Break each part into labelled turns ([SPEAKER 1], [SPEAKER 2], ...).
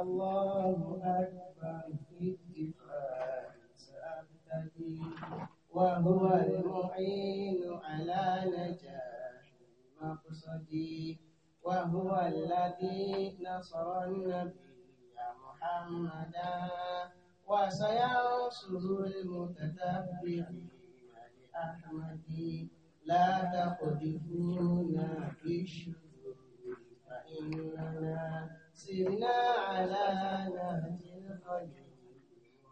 [SPEAKER 1] الله أكبر في الدفاع سأبتدي وهو المعين على نجاح مقصدي وهو الذي نصر النبي محمدا وسينصر المتتبعين لأحمد لا تقذفونا في الشرور فإننا سرنا على نهج الخير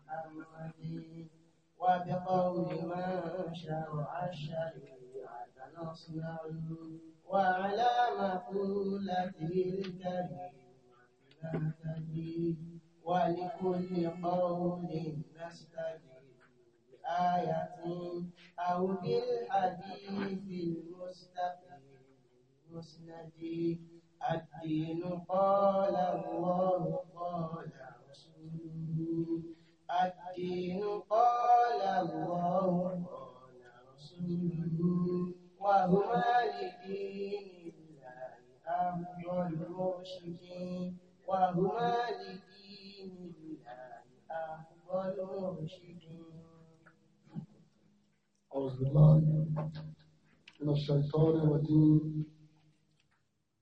[SPEAKER 1] محمد وبقول من شرع الشريعة نصنع وعلى مقولته الكريم نهتدي ولكل قول نستجيب بآية أو بالحديث المستقيم المسند الدين قال الله قال رسوله الدين قال الله قال رسوله وهما لدين الله أفضل المشركين وهما لدين الله أفضل المشركين
[SPEAKER 2] أعوذ بالله من الشيطان الرجيم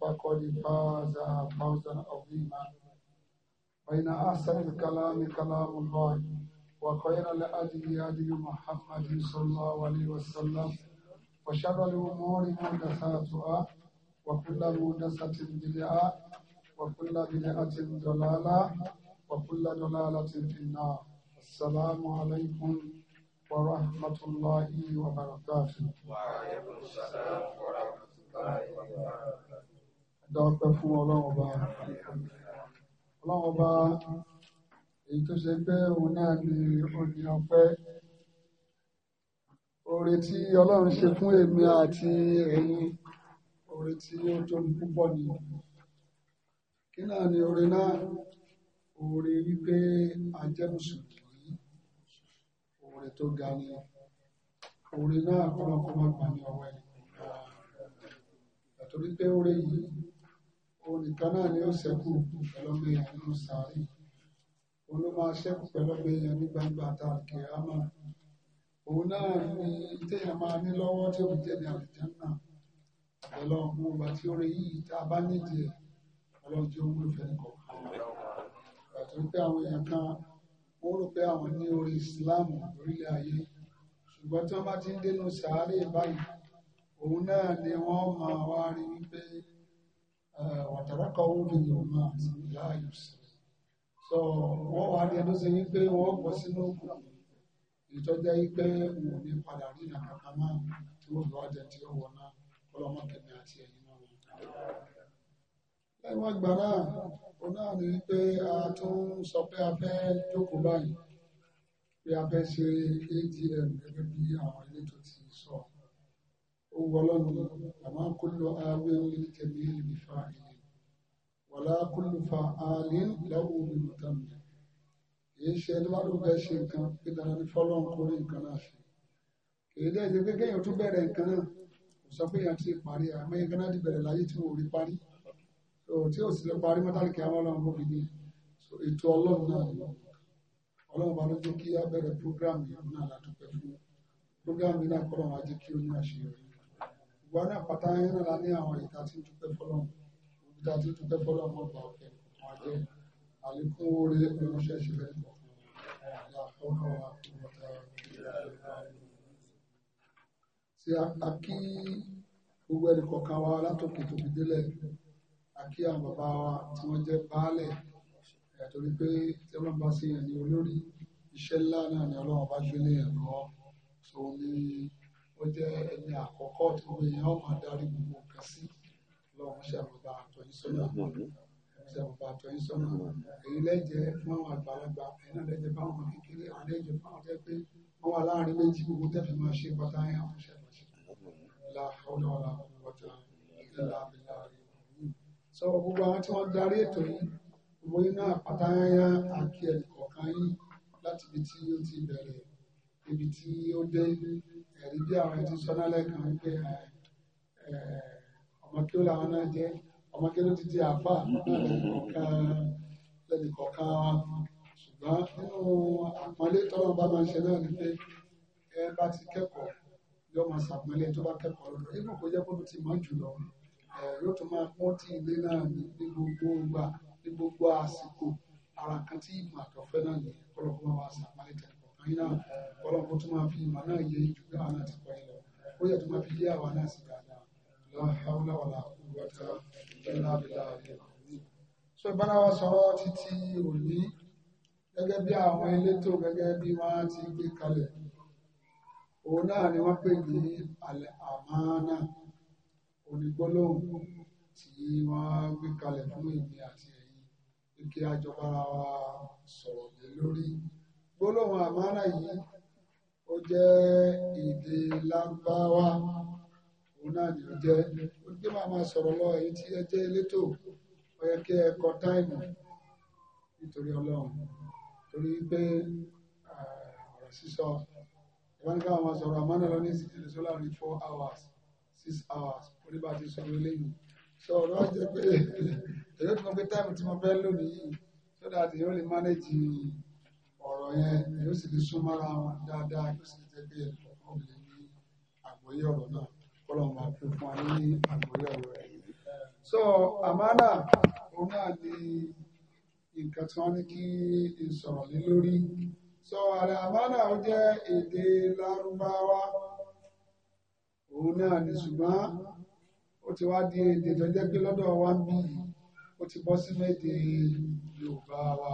[SPEAKER 2] فقد فاز فوزا عظيما فإن أحسن الكلام كلام الله وخير الأدب هدي محمد صلى الله عليه وسلم وشر الأمور محدثاتها وكل محدثة بدعة وكل بدعة ضلالة وكل ضلالة في النار السلام عليكم ورحمة الله وبركاته
[SPEAKER 1] وعليكم السلام ورحمة الله وبركاته
[SPEAKER 2] dọ́pẹ́ fún ọlọ́run ọba ọlọ́run ọba èyí tó ṣe pé òun náà ni òní ọpẹ́ oore tí ọlọ́run ṣe fún èmi àti ẹ̀yin oore tí ó tóbi púpọ̀ ni kí náà ni oore náà oore wípé ajẹ́mùsùn yìí oore tó ga ni oore náà kọ́nà kọ́nà gbà ní ọwọ́ ẹ̀ nítorí pé oore yìí onìkan náà ni ó ṣẹ́kù pẹ̀lọ́gbé yẹn nínú sáré òun ló máa ṣẹ́kù pẹ̀lọ́gbé yẹn ní gbangba tààkì àmà òun náà ni téèyàn máa ní lọ́wọ́ tí òun jẹ́ ní àlùjá náà pẹ̀lú ọmọ ọba tí ó rí yìí tá a bá nídìí ẹ̀ ọlọ́run tí ó wúlò fẹ́ kọ̀ àti wípé àwọn èèyàn kan ó rò pé àwọn ní orí ìsìláàmù lórílẹ̀ ayé ṣùgbọ́n tí wọ́n bá ti ń dénú sàárè báyìí òun náà ni wọ́n máa wá rí wípé Eh, wàtàràkọ̀wò mi yóò máa sí láàyò sí sọ wọ́n wà ní ẹnu sí wípé wọ́n pọ̀ sínú òkú ìjọjá wípé wọn ò ní padà rí ìlànà kan náà tí wọ́n lọ́wọ́ jẹ tí ó wọ̀ náà kọ́lọ́mọ kẹmí àti ẹ̀yìn náà wọn. lẹ́wọ̀n ìgbà náà ó náà ní wípé a tún sọ pé a fẹ́ jókòó báyìí pé a fẹ́ ṣe AGM gẹ́gẹ́ bí àwọn ilé tó ti owó ọlọ́run àmọ́ kúlò ààwẹ̀ ìkẹ̀mí ìlú fa ìlú wàlá kúlò fa ààlẹ́ lọ́wọ́ mi mọ̀tàn mi kì í ṣe ẹni bá ló fẹ́ ṣe nǹkan pé dandan ní fọlọ́run kó rí nǹkan náà ṣe kì í dẹ́ ṣe pé kéèyàn tún bẹ̀rẹ̀ nǹkan náà kò sọ pé èèyàn ti parí àmọ́ nǹkan náà ti bẹ̀rẹ̀ láyé tí wọ́n rí parí tí ò sì lọ parí mọ́tàlìkì àwọn ọlọ́run kò fi ní ètò ọlọ́run náà lọ ọlọ́run bá ló kí á bẹ̀rẹ̀ prógráàmù yìí náà látọ̀pẹ́ fún prógráàmù yìí náà kọ́ lọ́run á ṣùgbọ́n náà pátá yẹn náà ní àwọn ìta tí ń dúpẹ́ fọlọ́ ìta tí ń dúpẹ́ fọlọ́ mọ́ manusia ọ̀kẹ́ wọn jẹ́ àlékún orí ìránṣẹ́ ìṣẹ̀lẹ̀ tí a kí gbogbo ẹnì kọ̀ọ̀kan wa látòkè tòkè délẹ̀ yang kí àwọn bàbá wa tí wọ́n jẹ́ baálẹ̀ torí pé tí wọ́n bá sí yẹn ní ni ọlọ́run bá gbé léèyàn so ní ó jẹ́ ẹni àkọ́kọ́ tó ń yẹn ọmọ adarí gbogbo nǹkan sí lọ́wọ́ ṣàmùbá àtọ̀yìn sọ́nà ṣàmùbá àtọ̀yìn sọ́nà èyí lẹ́jẹ̀ fáwọn àgbàlagbà ẹ̀yìn náà lẹ́jẹ̀ fáwọn kékeré àwọn lẹ́jẹ̀ fáwọn tẹ́ pé wọ́n wà láàrin méjì gbogbo tẹ́ fi máa ṣe pátá yẹn àwọn ṣàmùbá sọ gbogbo àwọn tí wọ́n darí ètò yìí gbogbo yìí náà pátá yányá àkí tí ó ti bẹ̀rẹ̀ ibi ẹ̀rí bí àwọn ẹni tí sọ́nà lẹ́ẹ̀kan wípé ọmọ kí ó làwọn náà jẹ́ ọmọ kí ló ti di àpá lẹ́nu kọ̀ọ̀kan wa ṣùgbọ́n nínú àpọ́nlé tọ́lọ́ bá máa ń ṣe náà ni pé ẹ bá ti kẹ́kọ̀ọ́ yóò máa ṣàpọ́nlé tó bá kẹ́kọ̀ọ́ lọ́dọ̀ nínú kó jẹ́ kó ti mọ̀ jùlọ yóò tún máa pọ́n tí ilé náà ní gbogbo ìgbà ní gbogbo àsìkò ara kan tí ìmọ̀ àtọ̀fẹ́ náà ní ọlọ́kùnrin wa ṣàpọ́nlé tẹ̀lé aina náà ọlọ́run kó tó máa fi ìmọ̀ náà yé jù láwọn náà ti pẹ́ lọ ó wala tó máa fi yé àwa náà sí dáadáa lọ haúlá wàlà kúwàtà ìlà àbílà àbílà so ìbára wa sọ̀rọ̀ títí òní gẹ́gẹ́ bí àwọn elétò gẹ́gẹ́ bí wọ́n ti gbé kalẹ̀ òun náà ni wọ́n pè ní alẹ́ àmánà onígbólóhùn tí wọ́n gbé kalẹ̀ fún èmi àti ẹ̀yin kí a wa sọ̀rọ̀ lé lórí gbólóhùn àmánà yìí ó jẹ́ èdè lágbáwá òun náà ni ó jẹ́ ó ní máa máa sọ̀rọ̀ lọ èyí tí ẹ jẹ́ elétò ó yẹ kí ẹ kọ táìmù nítorí ọlọ́run torí pé ọ̀rọ̀ sísọ ìwọ́n ní káwọn máa sọ̀rọ̀ àmánà lọ ní ìsìnkú sọ́lá ní four hours six hours oníbà ti sọ wọlé yìí sọ ọ̀rọ̀ jẹ́ pé èyí tó ń gbé táìmù tí mo fẹ́ lónìí yìí sódà tí yóò lè mánéjì yìí. ọ̀rọ̀ yẹn yóò sì fi súnmọ́ra wọn dáadáa yóò sì jẹ́ pé ẹ̀kọ́ lè ní àgbọ́yé ọ̀rọ̀ náà kọ́lọ̀ máa fún fún wa ní àgbọ́yé ọ̀rọ̀ rẹ̀. so àmàlà òun náà ni nǹkan tí wọ́n ní kí n sọ̀rọ̀ jẹ́ èdè larubawa òun náà ni ṣùgbọ́n ó ti wá di èdè tó jẹ́ wa ń ó ti bọ́ Yorùbá wa.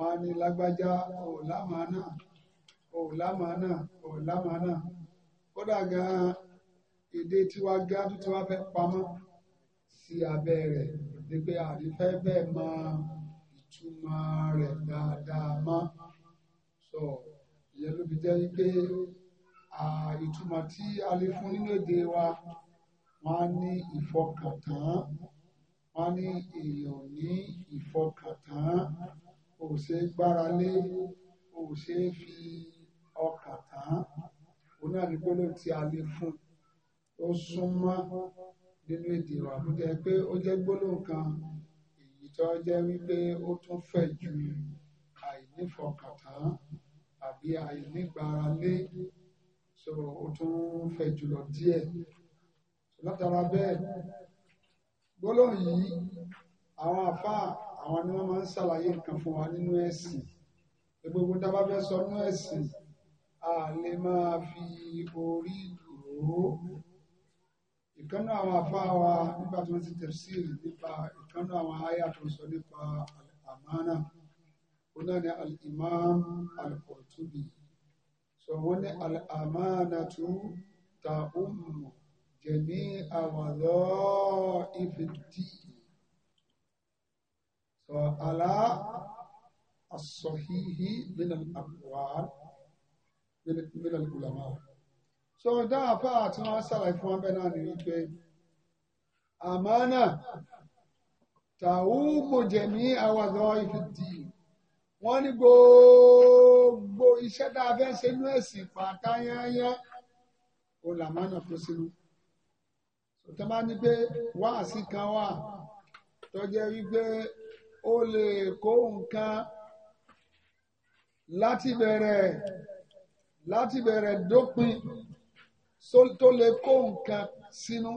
[SPEAKER 2] wọn á ní lágbájá ò lámàánà ò lámàánà ò lámàánà kódà gan-an èdè tiwa gá tó ti wá fẹ́ pamọ́ sí abẹ́ rẹ̀ ni pé àrífẹ́ bẹ́ẹ̀ máa ìtumọ̀ rẹ̀ dáadáa mọ́ sọ ìyẹn ló fi jẹ́ pé ìtumọ̀ tí a lè fún nínú èdè wa wọ́n á ní ìfọkàntán wọ́n á ní èèyàn ní ìfọkàntán ò ṣe é gbára lé ò ṣe é fi ọkà tán òun náà ní gbólóhùn tí a lè fún ó súnmọ́ nínú èdè wa ló jẹ́ pé ó jẹ́ gbólóhùn kan èyí tó jẹ́ wípé ó tún fẹ̀ ju àìnífọkàn tán àbí àìnígbára lé so ó tún fẹ̀ jùlọ díẹ̀ látara bẹ́ẹ̀ gbólóhùn yìí àwọn àfáà àwọn ni wọ́n máa ń ṣàlàyé nǹkan fún wa nínú ẹ̀sìn gbogbo tá a bá fẹ́ sọ nínú ẹ̀sìn a lè máa fi orí dùró ìkànnà àwọn afáà wa nígbà tí wọ́n ti tẹ̀síìlì nípa ìkànnà àwọn àyà tó sọ nípa àmánà wọn náà ní al-imam al-Qurtubi sọ wọn ní al-amánatu ta'ummu jami'a wadha'ifi ddin. على الصحيح من الأقوال من العلماء so dá àfa àti wọn ṣàlàyé fún wọn bẹ́ẹ̀ náà ní wípé àmánà tàwùmù jẹ̀mí àwàdọ̀ ìfìdí wọ́n ní gbogbo iṣẹ́ tá a ṣe inú ẹ̀sìn pàtàyányá ó làmánà kó sínú tó tẹ́ bá ní pé wáàsí kan wà tó wípé o lè kó nǹkan láti bẹ̀rẹ̀ láti bẹ̀rẹ̀ dópin tó lè kó nǹkan sínú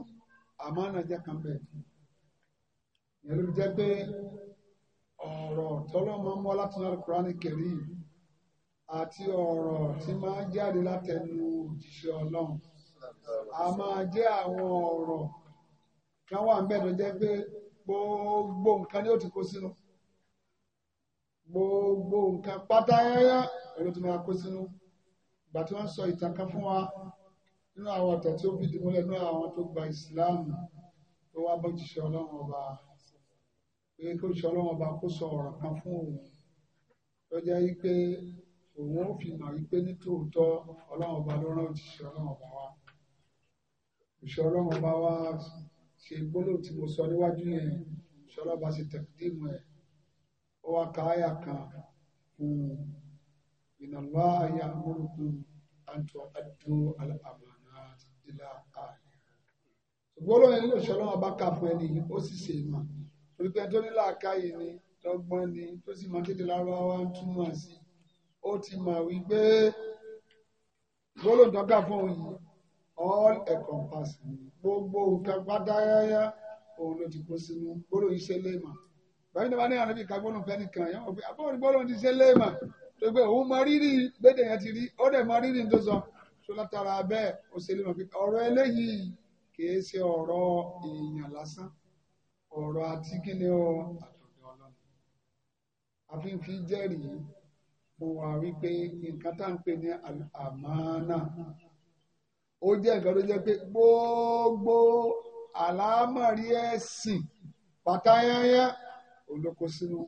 [SPEAKER 2] àmọ́ ànàjà kan bẹ̀. ìyẹn ló jẹ́ pé ọ̀rọ̀ tọ́lọ́ máa ń wá láti náà Kúránì kẹrí àti ọ̀rọ̀ tí máa ń jáde látẹnu òjíṣẹ́ Ọlọ́run a máa jẹ́ àwọn ọ̀rọ̀ kan wà ń tó jẹ́ pé gbogbo nǹkan ni ó ti kó sínú gbogbo nǹkan pátá yẹ́yẹ́ ẹ̀rọ tó máa kó sínú ìgbà tí wọ́n sọ ìtàn kan fún wa nínú àwọn ọ̀tẹ̀ tí ó fìdí múlẹ̀ nínú àwọn tó gba ìsìláàmù tó wá bọ́ jíṣẹ́ ọlọ́run ọba pé kó jíṣẹ́ ọlọ́run ọba kó sọ ọ̀rọ̀ kan fún òun tó jẹ́ wípé òun ó fi mọ̀ wípé ní tòótọ́ ọlọ́run ọba ló rán òjíṣẹ́ ọlọ́run ọba wa òjíṣẹ́ ọlọ́run ọba wa ṣe gbólóhùn tí mo sọ níwájú yẹn ṣọlá bá ṣe tẹ̀kídìmù ẹ̀ ó wá ka àyà kan fún ìnàlọ́ àyà múlùkùn àtọ̀ àdó àmàlà ìlà àlè. gbólóhùn yẹn ló ṣọlá ọba ká fún ẹni ó sì ṣe mà torí pé tó ní làákàyè ni lọ́gbọ́n ni tó sì máa kéde lárúbáwá ń túmọ̀ sí ó ti mà wí pé gbólóhùn tó ká fún òun yìí. all encompassing gbogbo nǹkan pátáyáyá òun ló ti kó sínú gbólóhùn iṣẹ́ léèmà báyìí ní wàá ní ànábì ká gbólóhùn fẹ́ nìkan yẹn wọ́n pe abọ́ọ̀rì gbólóhùn ti ṣe léèmà tó gbé òun mọ rírì yẹn ti rí ó dẹ̀ mọ rírì tó sọ tó látara bẹ́ẹ̀ ó ṣe pé ọ̀rọ̀ eléyìí kìí ṣe ọ̀rọ̀ èèyàn lásán ọ̀rọ̀ àti ọ àtọ̀dọ̀ ọlọ́run àfihàn jẹ́rìí mo ó jẹ́ nǹkan tó jẹ́ pé gbogbo àlámọ̀rí ẹ̀sìn pátáyányá olóko sínú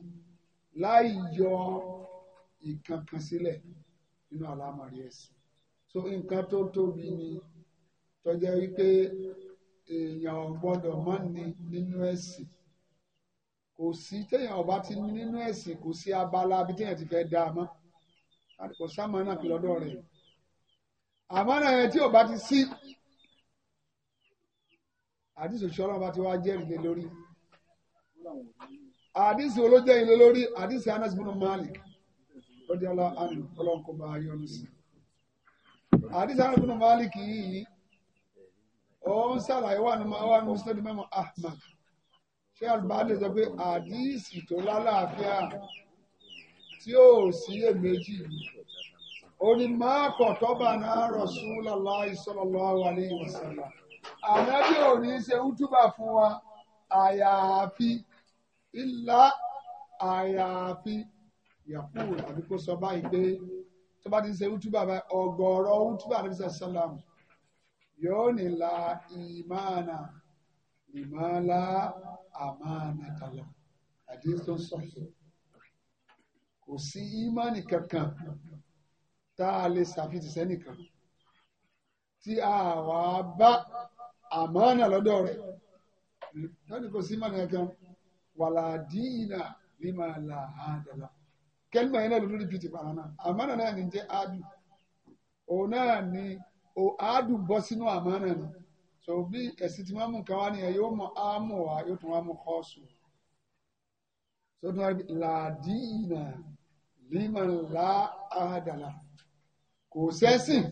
[SPEAKER 2] láì yọ ìkankan sílẹ̀ nínú àlámọ̀rí ẹ̀sìn so nǹkan tó tóbi ni tó jẹ́ wípé èèyàn gbọ́dọ̀ má ní nínú ẹ̀sìn kò sí téèyàn ọba ti ní nínú ẹ̀sìn kò sí abala bí téèyàn ti fẹ́ dá a mọ́ àdìpọ̀ sámánà kí lọ́dọ̀ rẹ̀ yìí àmánà yẹn tí ò bá ti sí àdìsí òṣìṣẹ́ ọlọ́run bá ti wá jẹ́rìí lé lórí àdìsí olójẹ́ ilé lórí àdìsí Anas bin Malik lọ́dí ọlọ́run kò bá yọnu sí àdìsí Anas bin Malik yìí òun ṣàlàyé wà nínú wà nínú sọ́dí mẹ́mọ́ Ahmad ṣé àlùbáàlì sọ pé àdìsí tó lálàáfíà tí ò sí èméjì yìí onímọ̀ọ́kọ̀ tọ́ba náà Rasulullahi sallallahu alaihi wasallam ànábì ò ní ṣe útúbà fún wa àyàfi ìlà àyàfi yàkú àbí kó sọ báyìí pé tó bá ti ṣe útúbà báyìí ọ̀gọ̀ọ̀rọ̀ útúbà àbí sàlám yóò ní la ìmáàna ìmáàlá àmáàna kàlà àdéhùn sọ̀tún kò sí ìmáàni kankan tá a lè ṣàfihàn sẹ́nìkan tí a wà á bá àmánà lọ́dọ̀ rẹ̀ lọ́dún kò sí mọ̀nà kan wàlá dínà ní màá là á dàlà kẹ́lìmọ̀ yẹn náà ló lórí bìtì pàrọ̀ náà àmánà náà ní jẹ́ áàdù òun náà ní áàdù bọ́ sínú àmánà ni so bí ẹ̀sìn tí wọ́n mú kan wá nìyẹn yóò mọ áàmù wá yóò tún wá mú kọ́ọ̀sù so tí wọ́n là dínà ní màá là á kò sẹ́sìn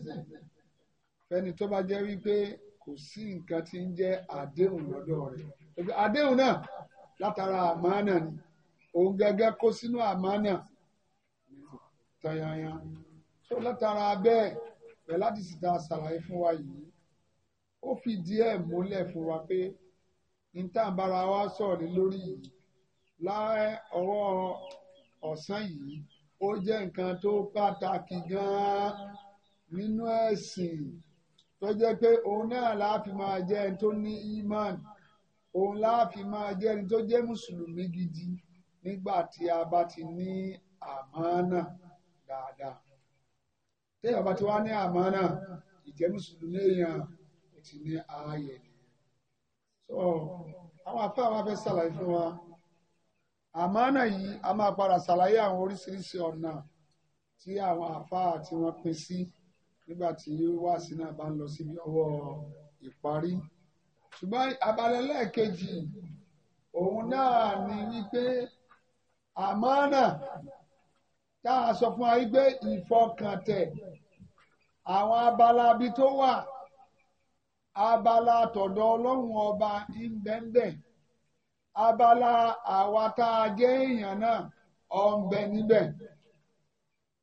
[SPEAKER 2] fẹ́ni tó bá jẹ́ wípé kò sí nǹkan tí ń jẹ́ àdéhùn lọ́dọ̀ rẹ̀ àdéhùn náà látara àmánà ni òun gẹ́gẹ́ kó sínú àmánà tayanyan tó látara bẹ́ẹ̀ bẹ́ẹ̀ láti sì ṣàlàyé fún wa yìí ó fi díẹ̀ múlẹ̀ fún wa pé nítàǹbára wa ní lórí yìí láàárọ̀ ọ̀sán yìí ó jẹ́ nǹkan tó pàtàkì gan-an nínú ẹ̀sìn tó jẹ́ pé òun náà láàfin máa jẹ́ ẹni tó ní imán òun láàfin máa jẹ́ ẹni tó jẹ́ mùsùlùmí gidi nígbà tí a bá ti ní àmánà dáadáa
[SPEAKER 1] téèyàn bá ti wá ní àmánà
[SPEAKER 2] ìjẹ́ mùsùlùmí èèyàn ti ní ààyè àwọn afẹ́ àwọn afẹ́ sàlàyé fún wa àmọ́nà yìí a máa padà ṣàlàyé àwọn oríṣiríṣi ọ̀nà tí àwọn àáfàá tí wọ́n pín sí nígbà tí wáàsí náà bá ń lọ síbi ọwọ́ ìparí. ṣùgbọ́n abalẹ̀ lẹ́ẹ̀kejì òun náà ni wípé àmọ́nà tá a sọ fún wa wípé ìfọkàntẹ̀ àwọn abala bí tó wà abala tọ̀dọ̀ ọlọ́run ọba ń bẹ́ńbẹ́ abala àwa tá a jẹ́ èèyàn náà ọ̀nbẹ níbẹ̀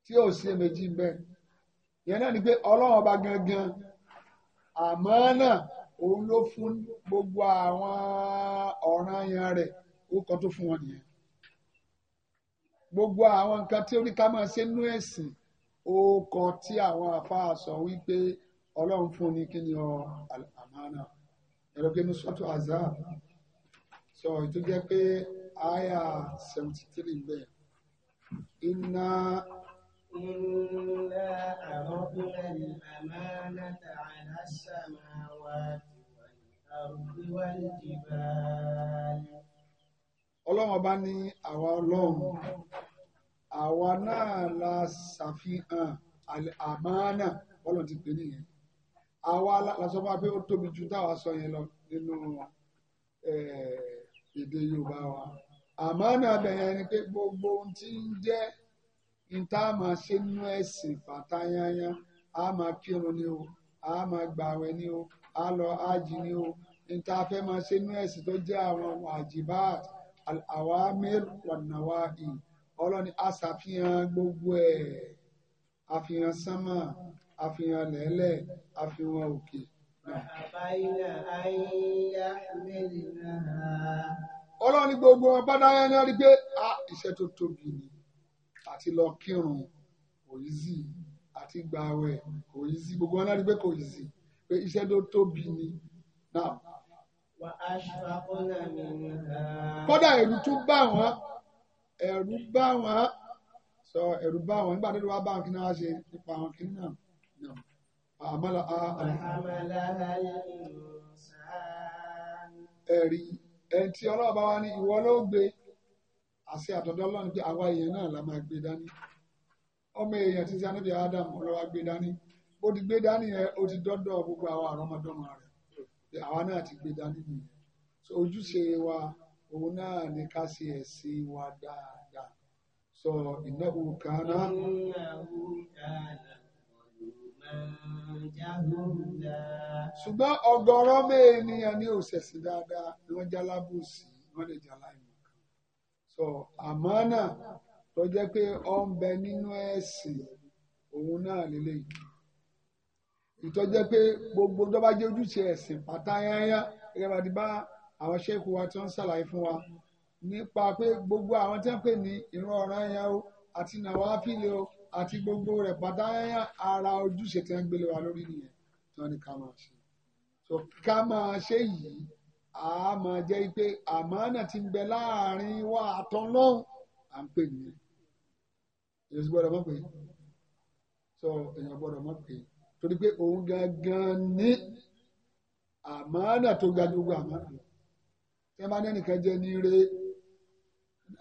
[SPEAKER 2] tí ò sí èméjì ń bẹ yẹn náà ni pé ọlọ́run ọba gangan àmọ́ náà òun ló fún gbogbo àwọn ọ̀ràn yẹn rẹ̀ ó kọ́ tó fún wọn nìyẹn gbogbo àwọn nǹkan tí oníkà máa ṣe nú ẹ̀sìn ó kọ tí àwọn àfáà sọ wípé ọlọ́run fún ni kí ni ọ àmọ́ náà ẹ̀rọ pé ní sọ́tò azab so ètò jẹ́ pé aya seventy three ń bẹ̀ iná. إنا عرضنا
[SPEAKER 1] الأمانة على السماوات والأرض
[SPEAKER 2] والجبال ọlọ́run ọba ní àwa ọlọ́run àwa náà la ṣàfihàn àmánà ọlọ́run ti pè nìyẹn àwa la sọ fún wa pé ó tóbi ju táwa sọ yẹn lọ nínú eh, èdè Yorùbá wa àmọ́ náà bẹ̀yẹn ni pé gbogbo ohun tí ń jẹ́ níta máa ṣe nínú ẹ̀sìn pátá yányá a máa kírun ni o a máa gbààwẹ̀ ni o a lọ ájì ni o níta fẹ́ máa ṣe nínú ẹ̀sìn tó jẹ́ àwọn wàjibáàt àwámẹ́rù wànàwáì ọlọ́ni a ṣàfihàn gbogbo ẹ̀ àfihàn sánmà àfihàn lẹ́lẹ̀ àfihàn òkè ọlọ́run gbogbo wọn bá dáyà ní ọdí pé a iṣẹ́ tó tóbi ni àti lọ kírun kò yí sí àti gbààwẹ̀ kò yí sí gbogbo wọn láti pé kò yí sí pé iṣẹ́ tó tóbi ni náà. kódà ẹ̀rù tún bá wọn ẹ̀rù bá wọn sọ ẹ̀rù bá wọn nígbà tó wá bá wọn kí ni wọ́n ṣe nípa wọn kí ni náà. حملها
[SPEAKER 1] حملها الإنسان
[SPEAKER 2] ẹ̀rí ẹni tí ọlọ́run bá wá ní ìwọ ló gbé àṣẹ àtọ̀dọ̀ ọlọ́run pé àwa èèyàn náà la máa gbé dání ọmọ èèyàn ti ṣe anábì Adam ọlọ́wà gbé dání ó ti gbé dání yẹn ó ti dọ́dọ̀ gbogbo àwa àrọ́mọdọ́mọ rẹ̀ àwa náà ti gbé dání nìyẹn so ojúṣe wa òun náà ní ká ṣe ẹ̀sìn wa dáadáa sọ ìnáwó kan náà. ìnáwó
[SPEAKER 1] kan náà
[SPEAKER 2] ṣùgbọ́n ọgọ́rọ́ bẹ́ẹ̀ ènìyàn ní òṣèṣì dáadáa ni wọ́n jalábùsì wọ́n lè jalá ìmọ̀ kan so àmọ́ náà tó jẹ́ pé ọ ń bẹ nínú ẹ̀sìn òun náà lélẹ́yìí ìtọ́jẹ́ pé gbogbo tó bá jẹ́ ojúṣe ẹ̀sìn pátá yányá gẹ́gẹ́ bá ti bá àwọn ṣẹ́kù wa tí wọ́n ń ṣàlàyé fún wa nípa pé gbogbo àwọn tí wọ́n pè ní ìran ọ̀ràn yẹn o àti nàwáfílẹ̀ o àti gbogbo rẹ̀ pátá ara ojúṣe tí wọ́n gbélé wa lórí nìyẹn tí wọ́n ní ká máa ṣe so ká máa ṣe yìí a máa jẹ́ pé àmánà ti ń bẹ láàrin wa àtọ́n lọ́hùn à ń pè nìyẹn èyí gbọ́dọ̀ mọ̀ pé so èèyàn gbọ́dọ̀ mọ̀ pé torí pé òun gangan ní àmánà tó ga gbogbo àmánà lọ tẹ́ bá ní ẹnìkan jẹ́ ní ire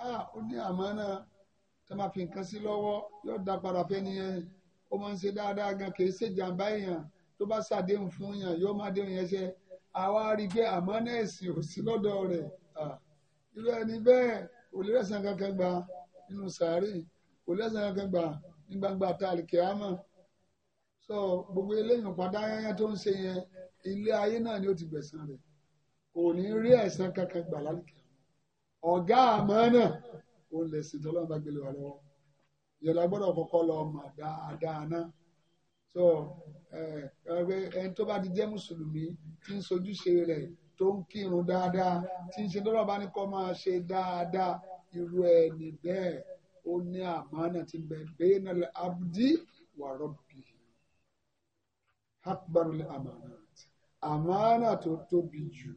[SPEAKER 2] ah, ó ní àmánà tó máa fi nǹkan sí lọ́wọ́ yóò dá padà fẹ́ni yẹn ó máa ń ṣe dáadáa gan kì í ṣe jàǹbá èèyàn tó bá ṣàdéhùn fún yàn yóò má déhùn yẹn ṣe àwa rí i pé àmọ́ náà ò sí lọ́dọ̀ rẹ̀ irú ẹni bẹ́ẹ̀ kò lè rẹ̀sán kankan gbà nínú sàárè kò lè rẹ̀sán kankan gbà ní gbangba tàlìkì àmọ́ so gbogbo eléyìn padà yányá tó ń ṣe yẹn ilé ayé náà ni ó ti gbẹ̀san rẹ̀ kò ní rí ẹ̀san kankan gbà lálùkì ọ̀gá àmọ́ náà ó lè sí tọ́lọ́run bá gbélé wa lọ́wọ́ ìyọ̀dà gbọ́dọ̀ kọ́kọ́ lọ mà dáadáa ná so ẹni tó bá ti jẹ́ mùsùlùmí tí ń sojúṣe rẹ̀ tó ń kírun dáadáa tí ń ṣe tọ́lọ́run bá ní kó máa ṣe dáadáa irú ẹni bẹ́ẹ̀ ó ní àmánà ti bẹ̀ bẹ́ẹ̀nà abdi wà rọ́bì akbarul àmánà àmánà tó tóbi jù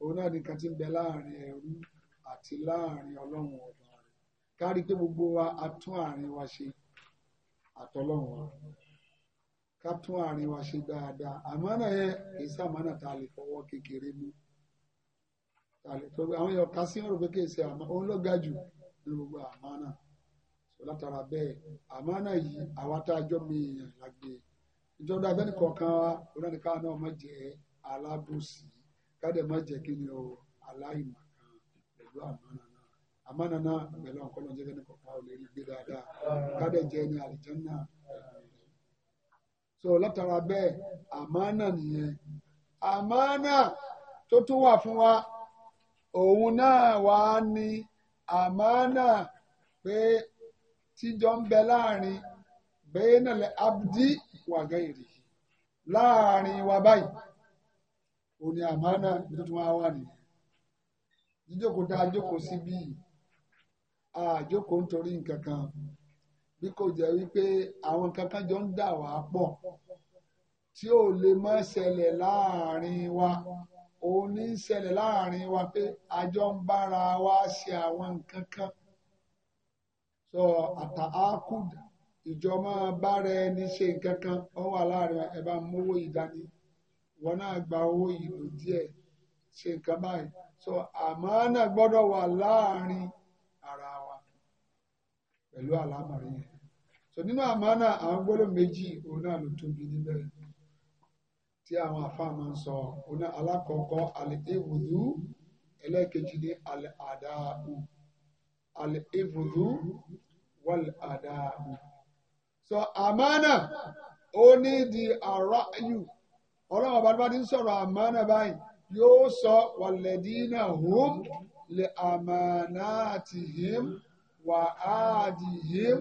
[SPEAKER 2] òun náà nìkan ti ń bẹ láàrin ẹrú àti láàrin ọlọ́run ọ̀dọ́ kárí pé gbogbo wa a tún àárín wa ṣe àtọlọ́run wa ká tún àárín wa ṣe dáadáa àmọ́nà yẹn kì í sàmọ́nà tá a lè fọwọ́ kékeré mú tá a lè fọwọ́ àwọn èèyàn ká sí ọ̀rọ̀ pé kì í ṣe àmọ́ òun ló ga jù ní gbogbo àmọ́nà látara bẹ́ẹ̀ àmọ́nà yìí àwa tá a jọ mi èèyàn la gbé ìjọba abẹ́ni kọ̀ọ̀kan wa onáníkà náà má jẹ́ alábùsí ká dẹ̀ jẹ́ kí ni o aláìmọ̀kan pẹ̀lú àmọ́nà àmánà náà bẹ̀rẹ̀ ọ̀kọ́ lọ́n jẹ́ kẹ́ni kọ̀ọ̀kan ò lè rí gbé dáadáa kádẹ̀ jẹ́ ní àlìjánná so látara bẹ́ẹ̀ àmánà nìyẹn àmánà tó tún wà fún wa òun náà wà á ní àmánà pé tíjọ́ ń bẹ láàrin bẹ́ẹ̀ náà lẹ abdi wà gẹ́yìrì láàrin wa báyìí òun ni àmánà tó tún wà wà nìyẹn jíjókòó tá jókòó síbí yìí. àjókòó nítorí nǹkan kan bí kò jẹ́ wípé àwọn nǹkan kan jọ ń dà wá pọ̀ tí ò lè má ṣẹlẹ̀ láàrin wa òun ní í ṣẹlẹ̀ láàrin wa pé àjọ ń bára wa ṣe àwọn nǹkan kan sọ àtàákùd ìjọ máa bára ẹni ṣe nǹkan kan ó wà láàrin ẹ bá mówó ìdání wọn náà gba owó ìlò díẹ̀ ṣe nǹkan báyìí sọ àmọ́ náà gbọ́dọ̀ wà láàrin. pẹ̀lú àlámọ̀rí yẹn so nínú àmánà àwọn gbólóhùn méjì òun náà ló tóbi níbẹ̀ tí àwọn àfáà máa ń sọ òun náà alákọ̀ọ́kọ́ àlè ìwùdú ẹlẹ́ẹ̀kejì ní àlè àdáàbò àlè ìwùdú wàlè àdáàbò so àmánà ó ní di àráyù ọlọ́run ọba bá ti ń sọ̀rọ̀ àmánà báyìí yóò sọ wàlẹ̀dínà hùm lè àmánà tìhìm. وعادهم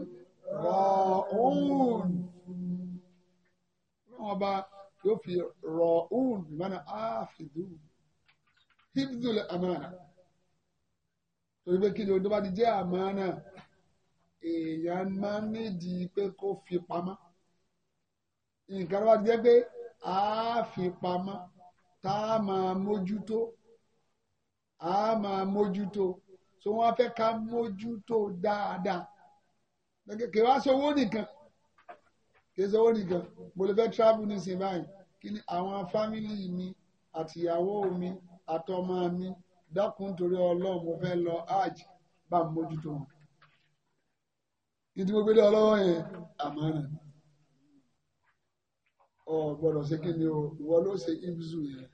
[SPEAKER 2] راعون ọlọ́run ọba yóò fi rọ̀ún mọ́nà áàfìdú hibdul amana torí pé kí ni odó bá ti jẹ́ amana èèyàn máa ń nídìí pé kó fi pamọ́ nǹkan bá ti jẹ́ pé a fi pamọ́ tá a máa mójútó a máa mójútó so wọ́n fẹ́ ká mójútó dáadáa kí wá sówó nìkan kí sówó nìkan mo lè fẹ́ travel nísìnyí báyìí kí ni àwọn fámìlì mi àtìyàwó mi àtọmọ mi dákun torí ọlọ́run mo fẹ́ lọ hajj bá mójútó wọn ìdí mo gbé dé ọlọ́wọ́ yẹn àmọ́ràn ọ gbọ́dọ̀ ṣe kí ni o ìwọ ló ṣe ibzu yẹn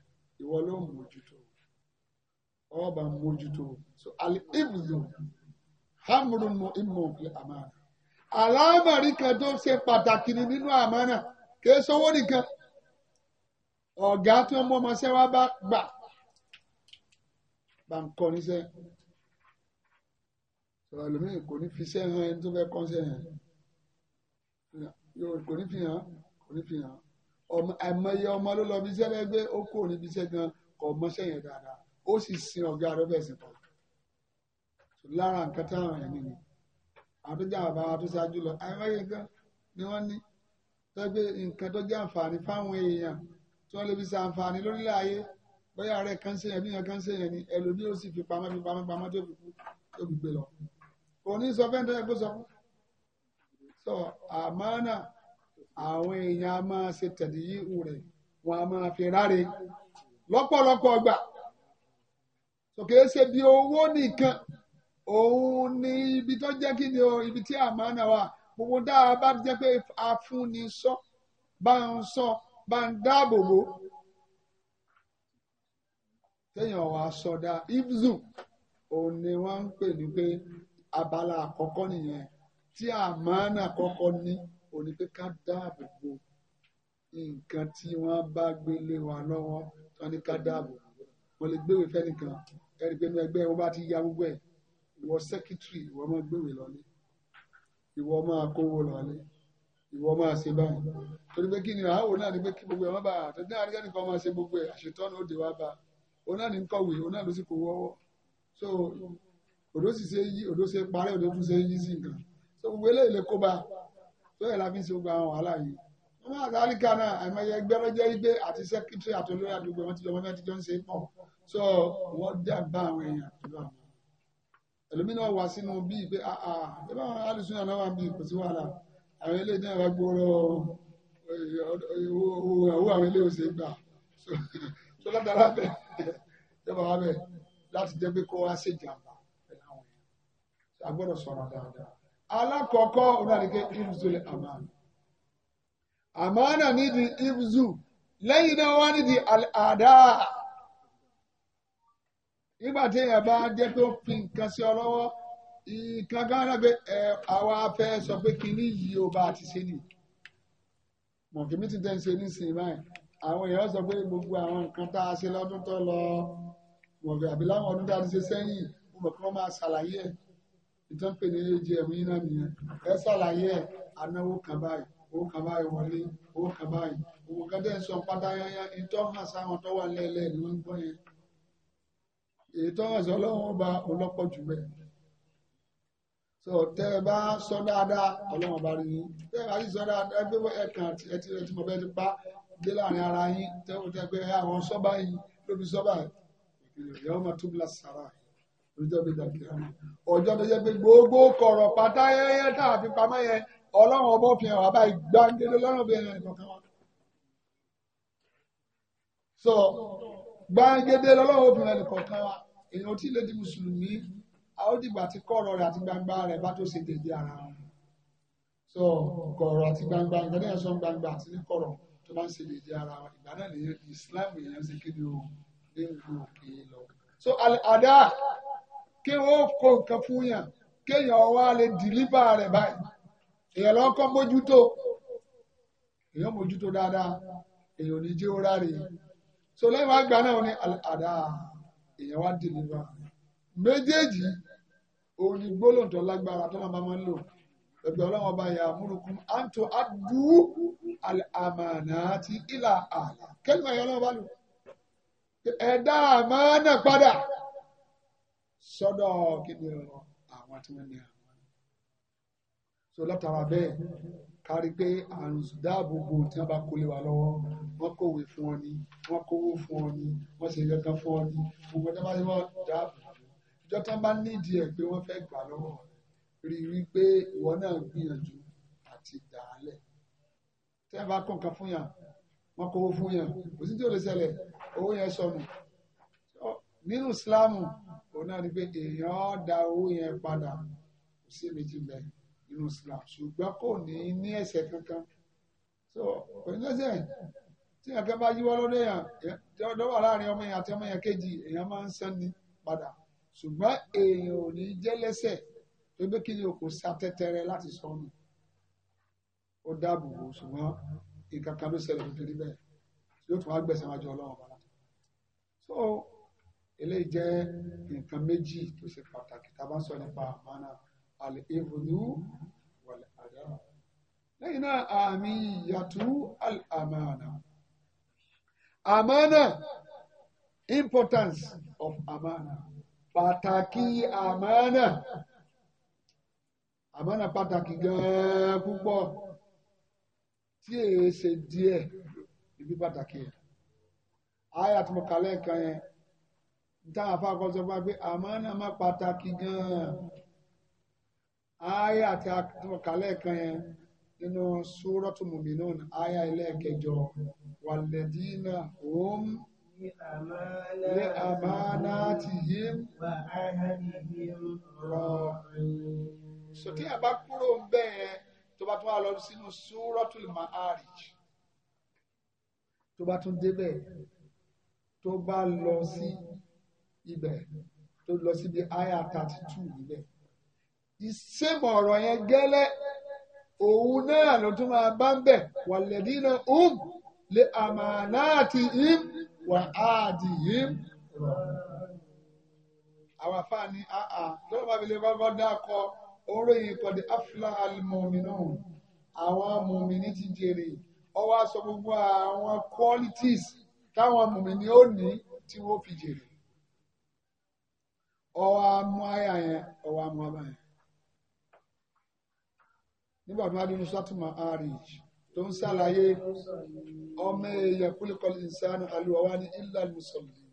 [SPEAKER 2] ìwọ ló mójútó ọba mójútó so alìbùdó hamrunu imobi amana alámàrí kan tó ṣe pàtàkì ni nínú àmánà kìí sanwó nìkan ọ̀gá tí wọ́n mú ọmọọṣẹ́ wa bá gbà bá ń kọ́ níṣẹ́ sọ̀rọ̀ ẹlòmíì kò ní fi iṣẹ́ hàn ẹni tó fẹ́ kọ́ iṣẹ́ yẹn kò ní fi hàn kò ní fi hàn àìmọye ọmọ ló lọ bí iṣẹ́ lẹ́gbẹ́ ó kò ní bí iṣẹ́ gan kò mọṣẹ́ yẹn dáadáa ó sì sin ọ̀gá rẹ̀ bẹ́ẹ̀ sì pọ̀ lára nǹkan táwọn èèyàn nìyí àtúnjà bàbá wa tó ṣáájú lọ àìmọye gan ni wọ́n ní tọ́gbé nǹkan tó jẹ́ àǹfààní fáwọn èèyàn tí wọ́n lè fi ṣàǹfààní lórílẹ̀ ayé bóyá ààrẹ kan ṣe yẹn bí yẹn kan ṣe yẹn ni ẹlòmíì ó sì fi pamọ́ fi pamọ́ pamọ́ tó fi kú tó fi gbé lọ. òní sọ fẹ́ tó yẹ kó sọ fún. sọ àmọ́nà àwọn èèyàn a máa ṣe tẹ̀lé yí rẹ̀ wọ́n a máa fi ráre lọ́pọ̀lọpọ̀ gbà kìí ṣe bí owó nìkan òun ni ibi tó jẹ́ kí ni o ibi tí àmánà wà gbogbo dáa bá jẹ́ pé afúnni bá ń sọ bá ń dáàbò bò téèyàn wà sọdá ibzu òun ni wọ́n ń pè ní pé abala àkọ́kọ́ nìyẹn tí àmánà kọ́kọ́ ní òun ni pé ká dáàbò bò nǹkan tí wọ́n bá gbélé wa lọ́wọ́ wọ́n ní ká dáàbò wọ́n lè gbéwèé fẹ́nìkan ẹ̀rí pé inú ẹgbẹ́ wọn bá ti ya gbogbo ẹ̀ ìwọ sẹ́kítírì ìwọ máa gbéwèé lọ́lé ìwọ máa kówó lọ́lé ìwọ máa ṣe báyìí torí pé kí ni àáwò náà ni pé kí gbogbo ẹ̀ má bàa àtẹ̀dá àríkẹ́ni kan máa ṣe gbogbo ẹ̀ àṣetọ́nù òde wa bá òun náà ní kọ̀wé òun náà ló sì kó wọ́wọ́ so òdó sì ṣe yí òdó ṣe parẹ́ òdó tún ṣe yí sí nǹkan so gbogbo eléyìí lè kó bá tó yẹ láfi ṣe gbogbo àwọn wàhálà yìí wọn máa ká àríkà náà àìmọye ẹgbẹ́ lọ́jọ́ yí pé àti sẹ́kítírì àti olórí àdúgbò wọn ti lọ́mọ mẹ́tìjọ́ ń ṣe pọ̀ so wọ́n dàgbà àwọn èèyàn pẹ̀lú àwọn ẹlòmínà wà sínú bíi pé àà ah, ah, ẹbá àwọn alùsùn àná wà bíi kò sí wàhálà àwọn eléyìí náà wà gbòòrò owó àwọn eléyìí ò sì gbà so látara bẹ́ẹ̀ ẹbá wà bẹ́ẹ̀ láti jẹ́ pé kó wá sí ìjàmbá pẹ̀lú àwọn èèyàn agbọ́dọ̀ sọ̀rọ̀ dáadáa alákọ̀ọ́kọ́ onáàdìgẹ́ ibzulẹ̀ àmàna àmàna nídìí ibzu lẹ́yìn náà wá nídìí àdáà nígbà tí èèyàn bá jẹ́ tó fi nǹkan sí ọ lọ́wọ́ nǹkan kan náà pé ẹ àwa fẹ́ sọ pé kinní yìí ó bá ti ṣe nì mọ̀kìmí ti tẹ̀ ń ṣe nísìnyí báyìí àwọn èèyàn sọ pé gbogbo àwọn nǹkan tá a ṣe lọ́dún tó lọ mọ̀kì àbí láwọn ọdún tá a ti ṣe sẹ́yìn mo mọ̀ kí wọ́n máa ṣàlàyé ẹ̀ ìtàn pè ní agm yín náà nìyẹn ẹ ṣàlàyé ẹ̀ anáwó kan báyìí owó kan báyìí wọlé owó kan báyìí òun kan tẹ̀ ń sọ pátá yányá ìtọ́ hàn sáwọn tó wà lẹ́lẹ́ ló ń gbọ́ yẹn èyí tó ọlọ́run ọba ọlọ́pọ̀ jù bẹ́ẹ̀ so tẹ́ ẹ bá sọ dáadáa ọlọ́run ọba rí yín tẹ́ ẹ bá sọ dáadáa ẹgbẹ́ ẹ̀kan ẹtì ẹtì mọ̀ bẹ́ẹ̀ ti pa dé láàrin ara yín tẹ́ ẹ tẹ́ pé àwọn sọ́ba yìí ló fi sọ́ba ìyá ọmọ tó bila sara ọjọ́ bí dàbí ọmọ ọjọ́ bí yẹ pé gbogbo kọ̀rọ̀ pátá yẹ́yẹ́ tá a fi pamọ́ yẹn ọlọ́run ọba òfin àwọn àbá ìgbàgbé lọ́rùn bí ẹnì kọ̀ọ̀kan so gbàǹgede lọ́lọ́wọ́ obìnrin nìkọ̀ọ̀kan wa èèyàn tí lè di mùsùlùmí àwọn dìgbà tí kọ̀ọ̀rọ̀ rẹ̀ àti gbangba rẹ̀ bá tó ṣe dédé ara wọn so kọ̀ọ̀rọ̀ àti gbangba nǹkan náà sọ gbangba àti ní kọ̀ọ̀rọ̀ tó bá ń ṣe dédé ara wọn ìgbà náà lè Islam èèyàn ṣe kéde o lè ń lo òkè lọ. so àdá kí wọ́n kó nǹkan fún yàn kéèyàn wá lè dìlíbà rẹ̀ báyìí èèyàn lọ́kọ́ so lẹ́yìn wá gba náà ní àdá èèyàn wá dì nígbà méjèèjì òun ni gbólóǹtọ́ lágbára tó máa máa ń lò ẹgbẹ́ ọlọ́wọ́n bá yà múlùkún àǹtò àdú àmàna àti ìlà àlà kẹ́lìmọ̀ ẹ̀yọ́ ọlọ́wọ́n bá lò ẹ̀dá àmàna padà sọ́dọ̀ kí ni àwọn àti wọn ni àwọn so látara bẹ́ẹ̀ kárí pé àrùn dáàbò bò tí wọ́n bá kólé wa lọ́wọ́ wọ́n kòwé fún ọ ni wọ́n kówó fún ọ ni wọ́n ṣe yọkan fún ọ ni gbogbo ọjọ́ bá ti wọ́n dáàbò ìjọ tán bá nídìí ẹ̀ pé wọ́n fẹ́ gbà lọ́wọ́ rí rí pé ìwọ náà gbìyànjú àti dàálẹ̀ tẹ́ ẹ bá kọ̀ nǹkan fún yàn wọ́n kówó fún yàn kò sí tí ò lè ṣẹlẹ̀ owó yẹn sọnù nínú ìsìláàmù òun náà ni pé èèyàn dá owó yẹn padà kò sí méjì bẹ́ẹ̀ nínú Islam ṣùgbọ́n kò ní ní ẹ̀ṣẹ̀ kankan so oníṣẹ́ tí ẹ̀kẹ́ bá yíwọ́ lóde yàn tí ọdọ́ wà láàrin ọmọ yẹn àti ọmọ yẹn kejì èèyàn máa ń sán ni padà ṣùgbọ́n èèyàn ò ní jẹ́ lẹ́sẹ̀ tó gbé kí ni o kò sa tẹ́tẹ́rẹ́ láti sọ ọ́nù ó dáàbò bò ṣùgbọ́n nǹkan kan ló ṣẹlẹ̀ nítorí bẹ́ẹ̀ yóò tún wá gbẹ̀sẹ̀ wájú ọlọ́run ọba láti so eléyìí jẹ́ nǹkan méjì tó ṣe pàtàkì tá a bá sọ nípa àmánà àlè ìbùdó wàlè àdá lẹ́yìn náà àmì ìyàtú àmàna àmàna importance of amana، pàtàkì àmàna àmàna pàtàkì gan-an púpọ̀ tí èè ṣe díẹ̀ ibi pàtàkì ẹ̀ àyà tí mo kà lẹ́ẹ̀kan yẹn táwọn afáàkọ́ sọ pé àmàna má pàtàkì gan-an aya àti àtúmọ̀kálẹ̀ kan yẹn nínú sórọ́tù mùmínún aya ẹlẹ́ẹ̀kẹjọ wàlẹ́dínà òun lé àmàna ti yé rọ. sòtí àbá kúrò ń bẹ́ yẹn tó bá tún wà lọ sínú sórọ́tù Ma'arij tó bá tún débẹ̀ tó bá lọ sí ibẹ̀ tó lọ síbi aya thirty two níbẹ̀ ìsèmọ̀ ọ̀rọ̀ yẹn gẹ́lẹ́ òun náà ló tún máa bá ń bẹ̀ wàlẹ́dí náà um lè àmàlà àti im wà á di im rọ̀. àwọn afáà ní àà lọ́wọ́ bá mi lè kọ́kọ́ dákọ oróyìn kọ́dé afla alimọ̀mí náà àwọn mọ̀mìnì ti jèrè ọwọ́ aṣọ gbogbo àwọn qualities táwọn mọ̀mìnì ó ní tí wọ́n fi jèrè ọwọ́ amú àyà yẹn ọwọ́ amú àbá yẹn nígbà tó adínú sátúmọ̀ àárẹ̀ tó ń ṣàlàyé ọmọ èèyàn kúlíkọ́ ìsánú alùwàwá ní ilà mùsùlùmí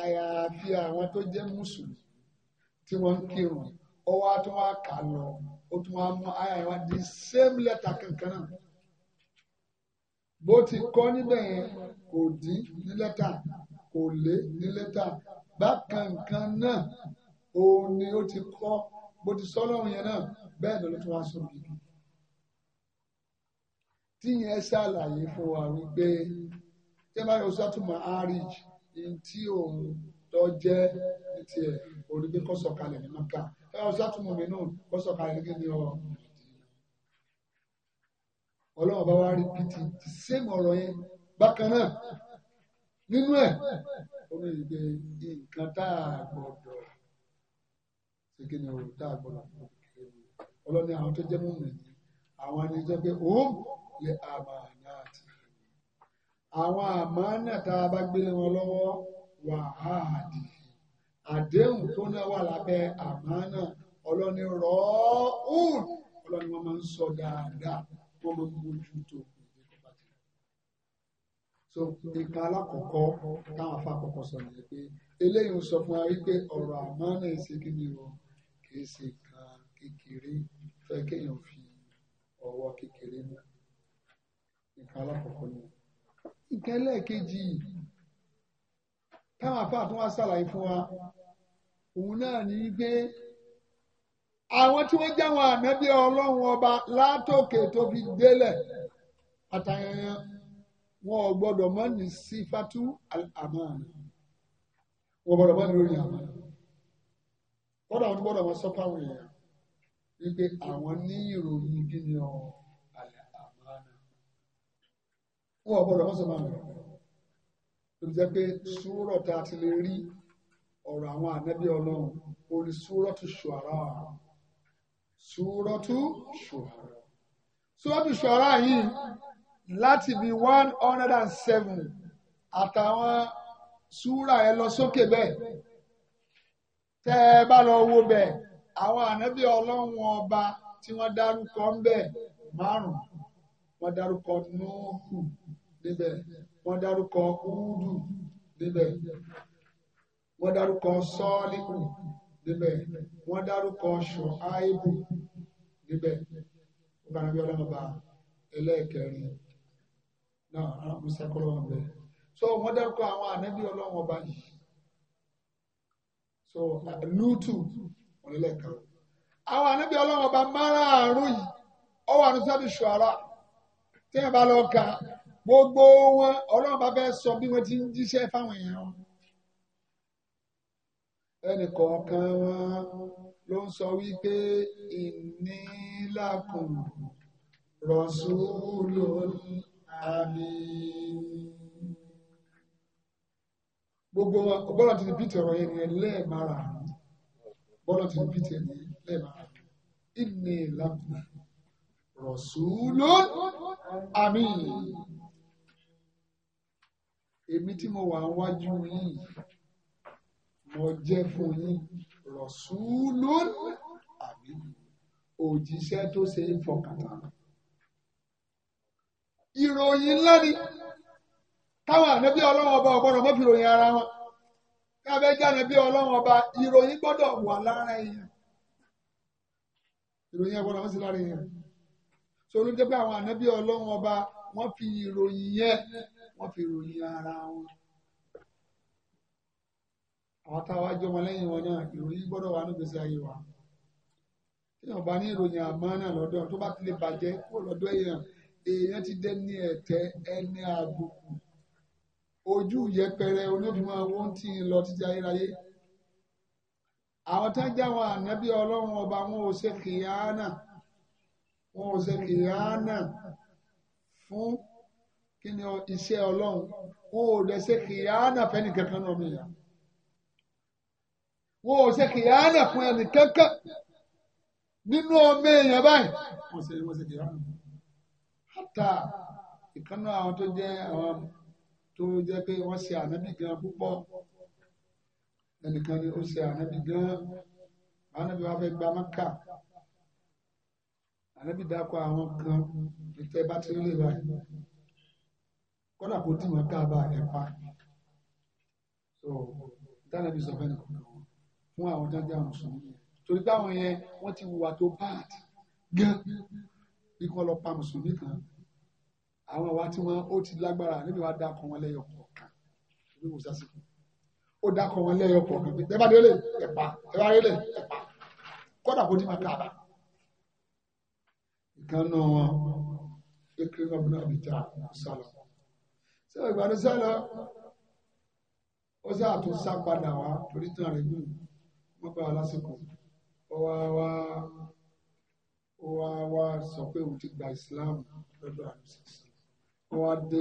[SPEAKER 2] àyàfi àwọn tó jẹ́ mùsùlùmí tí wọ́n ń kírun ọwọ́ tó wá kà lọ ó tún wá mọ àyà wa the same letter kankan náà bó ti kọ́ níbẹ̀ yẹn kò dín ní lẹ́tà kò lé ní lẹ́tà bákankan náà òun ni ó ti kọ́ bó ti sọ lọ́run yẹn náà bẹ́ẹ̀ ló tún wá sọ bíbí. tíyẹn ṣàlàyé fún wa wípé tẹ́bàá yóò tí òun tó jẹ́ ní tiẹ̀ orí pé kó sọ̀kalẹ̀ ní maka tẹ́bàá yóò mi náà sọ̀kalẹ̀ ní kíni ọ. ọlọ́run bá wá rí pìtì tí sẹ́mu ọ̀rọ̀ yẹn bákan náà nínú ẹ̀ omi ìgbé nǹkan tá a gbọ́dọ̀ ṣe ọ̀rọ̀ tá a gbọ́dọ̀ lè àmàna àti àwọn àmàna tá a bá gbélé wọn lọ́wọ́ wà á àdì àdéhùn tó náà wà lábẹ́ àmàna ọlọ́ni rọ̀ ọ́n ọlọ́ni wọn máa ń sọ dáadáa wọ́n máa ń mójú tó so nǹkan alákọ̀ọ́kọ́ táwọn afá kọ̀ọ̀kan sọ nìyẹn pé eléyìí ń sọ fún wa wípé ọ̀rọ̀ àmánà ìṣe kí ni o ṣe nǹkan kékeré fẹ́ kéèyàn fi ọwọ́ kékeré mú nǹkan alákọ̀ọ́kọ́ ni nǹkan ẹlẹ́ẹ̀kejì táwọn afáà tó wá ṣàlàyé fún wa òun náà ní gbé àwọn tí wọ́n jáwọn ànábí ọlọ́run ọba látòkè tó fi délẹ̀ àtàyànyàn wọn ò gbọ́dọ̀ mọ́ ní sífàtú àmàna wọn gbọ́dọ̀ mọ́ ní lórí àmàna kọ́dọ̀ àwọn gbọ́dọ̀ mọ́ sọ́fà àwọn èèyàn wípé àwọn ní ìròyìn kí ni ọ̀hún wọ́n ọ̀bọ̀dọ̀ mọ́sọ̀ máa rẹ̀ tó jẹ́ pé súrọ̀ tá a ti lè rí ọ̀rọ̀ àwọn ànábì ọlọ́run orí súrọ̀ tó ṣùárà súrọ̀ tó ṣùárà súrọ̀ tó ṣùárà yìí láti bí one hundred and seven àtàwọn súrà ẹ lọ sókè bẹ́ẹ̀ tẹ́ ẹ bá lọ wo bẹ́ẹ̀ àwọn ànábì ọlọ́run ọba tí wọ́n dárúkọ ń bẹ̀ márùn-ún wọ́n dárúkọ nóòkù. No níbẹ̀ wọ́n dárúkọ údù níbẹ̀ wọ́n dárúkọ sọ́ọ́lìkù níbẹ̀ wọ́n dárúkọ ṣùháìbù níbẹ̀ ó bá nàbí ọlọ́run bá ẹlẹ́ẹ̀kẹrin náà arákùnrin sẹ́kọ̀rọ̀ wọn bẹ̀ so wọ́n dárúkọ àwọn ànábì ọlọ́run ọba yìí so lútù ọ̀lẹ́lẹ́kan àwọn ànábì ọlọ́run ọba márààrún yìí ọwọ́ àrùn sábì ṣùárà tí wọ́n bá ka gbogbo wọn ọlọ́run bá fẹ́ sọ bí wọ́n ti ń jíṣẹ́ fáwọn èèyàn wọn. ẹnìkọ̀ọ̀kan wọn ló ń sọ wípé ìnílàkùn rọ̀ṣúlù àmì. gbogbo wọn bọ́lá ti bìtì ọ̀rọ̀ yẹn lẹ́ẹ̀mára bọ́lá ti bìtì ẹ̀ lẹ́ẹ̀mára ìnílàkùn rọ̀ṣúlù àmì èmi tí mo wà wájú yín mo jẹ́ fún yín rọ̀súlùn àbí òjíṣẹ́ tó ṣe é fọkàntà. ìròyìn ńlá ni táwọn ànábí ọlọ́run ọba ọ̀gbọ́dọ̀ mọ́ fi ròyìn ara wọn káfẹ́ jáde bí ọlọ́run ọba ìròyìn gbọ́dọ̀ wà lára èèyàn ìròyìn ẹ̀gbọ́dọ̀ wọ́n sì lára èèyàn sọ ló jẹ́ pé àwọn ànábí ọlọ́run ọba wọ́n fi ìròyìn yẹn wọ́n fi ròyìn ara wọn àwọn táwa jọmọ lẹ́yìn wọn náà ìròyìn gbọ́dọ̀ wà nígbèsè ayé wa èèyàn bá ní ìròyìn àmánà lọ́dọ̀ tó bá ti lè bàjẹ́ kúrò lọ́dọ̀ èèyàn èèyàn ti dẹ́ ní ẹ̀tẹ́ ẹni àbùkù ojú yẹpẹrẹ olódùmọ̀ wọn ti ń lọ títí ayérayé àwọn tán jáwọn ànábí ọlọ́run ọba wọn ò ṣe kìíyàánà wọn ò ṣe kìíyàánà fún kí ni iṣẹ́ ọlọ́run wọn ò lè ṣe kìyàánà fẹ́ni kankan náà nìyẹn wọn ò ṣe kìyàánà fún ẹnì kankan nínú ọmọ èèyàn báyìí wọn ṣe wọn ṣe kìyàánà hátà ìkànnà àwọn tó jẹ́ àwọn tó jẹ́ pé wọ́n ṣe ànábì gan púpọ̀ ẹnìkan ni ó ṣe ànábì gan ànábì wa fẹ́ gba mọ́kà ànábì dákọ̀ àwọn kan ìtẹ́ bá ti rí lè báyìí kọ́dà kó dìmọ̀ káàbà rẹ̀ pa so dáná bí sọ fẹ́ nìkan kan wọn fún àwọn jáde àwọn sùn torí táwọn yẹn wọ́n ti wùwà tó bad gan bí kò lọ pa mùsùlùmí kan àwọn àwa tí wọ́n ó ti lágbára níbi wàá dákọ̀ wọn lẹ́yọ̀ kọ̀ọ̀kan ìlú ìwòsàsíkò ó dákọ̀ wọn lẹ́yọ̀ kọ̀ọ̀kan pé ẹ bá délé ẹ pa ẹ bá délé ẹ pa kọ́dà kó dìmọ̀ káàbà ìkànnà wọn ekiri wọn bí náà ṣé ìgbàlóṣẹ́ lọ ó sì àtúnṣá padà wá torí tán rẹ̀ gùn wọ́n bá wa lásìkò ó wá wá ó wá wá sọ pé òun ti gba ìsìláàmù lọ́dọ̀ àdúgbò ó wá dé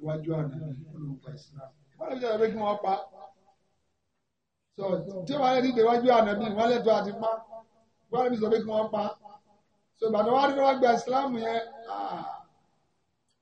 [SPEAKER 2] iwájú àná òun gba ìsìláàmù wọ́n lè jẹ́ kí wọ́n pa sọ tí wọ́n lè dìde iwájú àná bí wọ́n lè tó àti pa wọ́n lè sọ pé kí wọ́n pa sọ ìgbà tó wá dé wọ́n gba ìsìláàmù yẹn ah,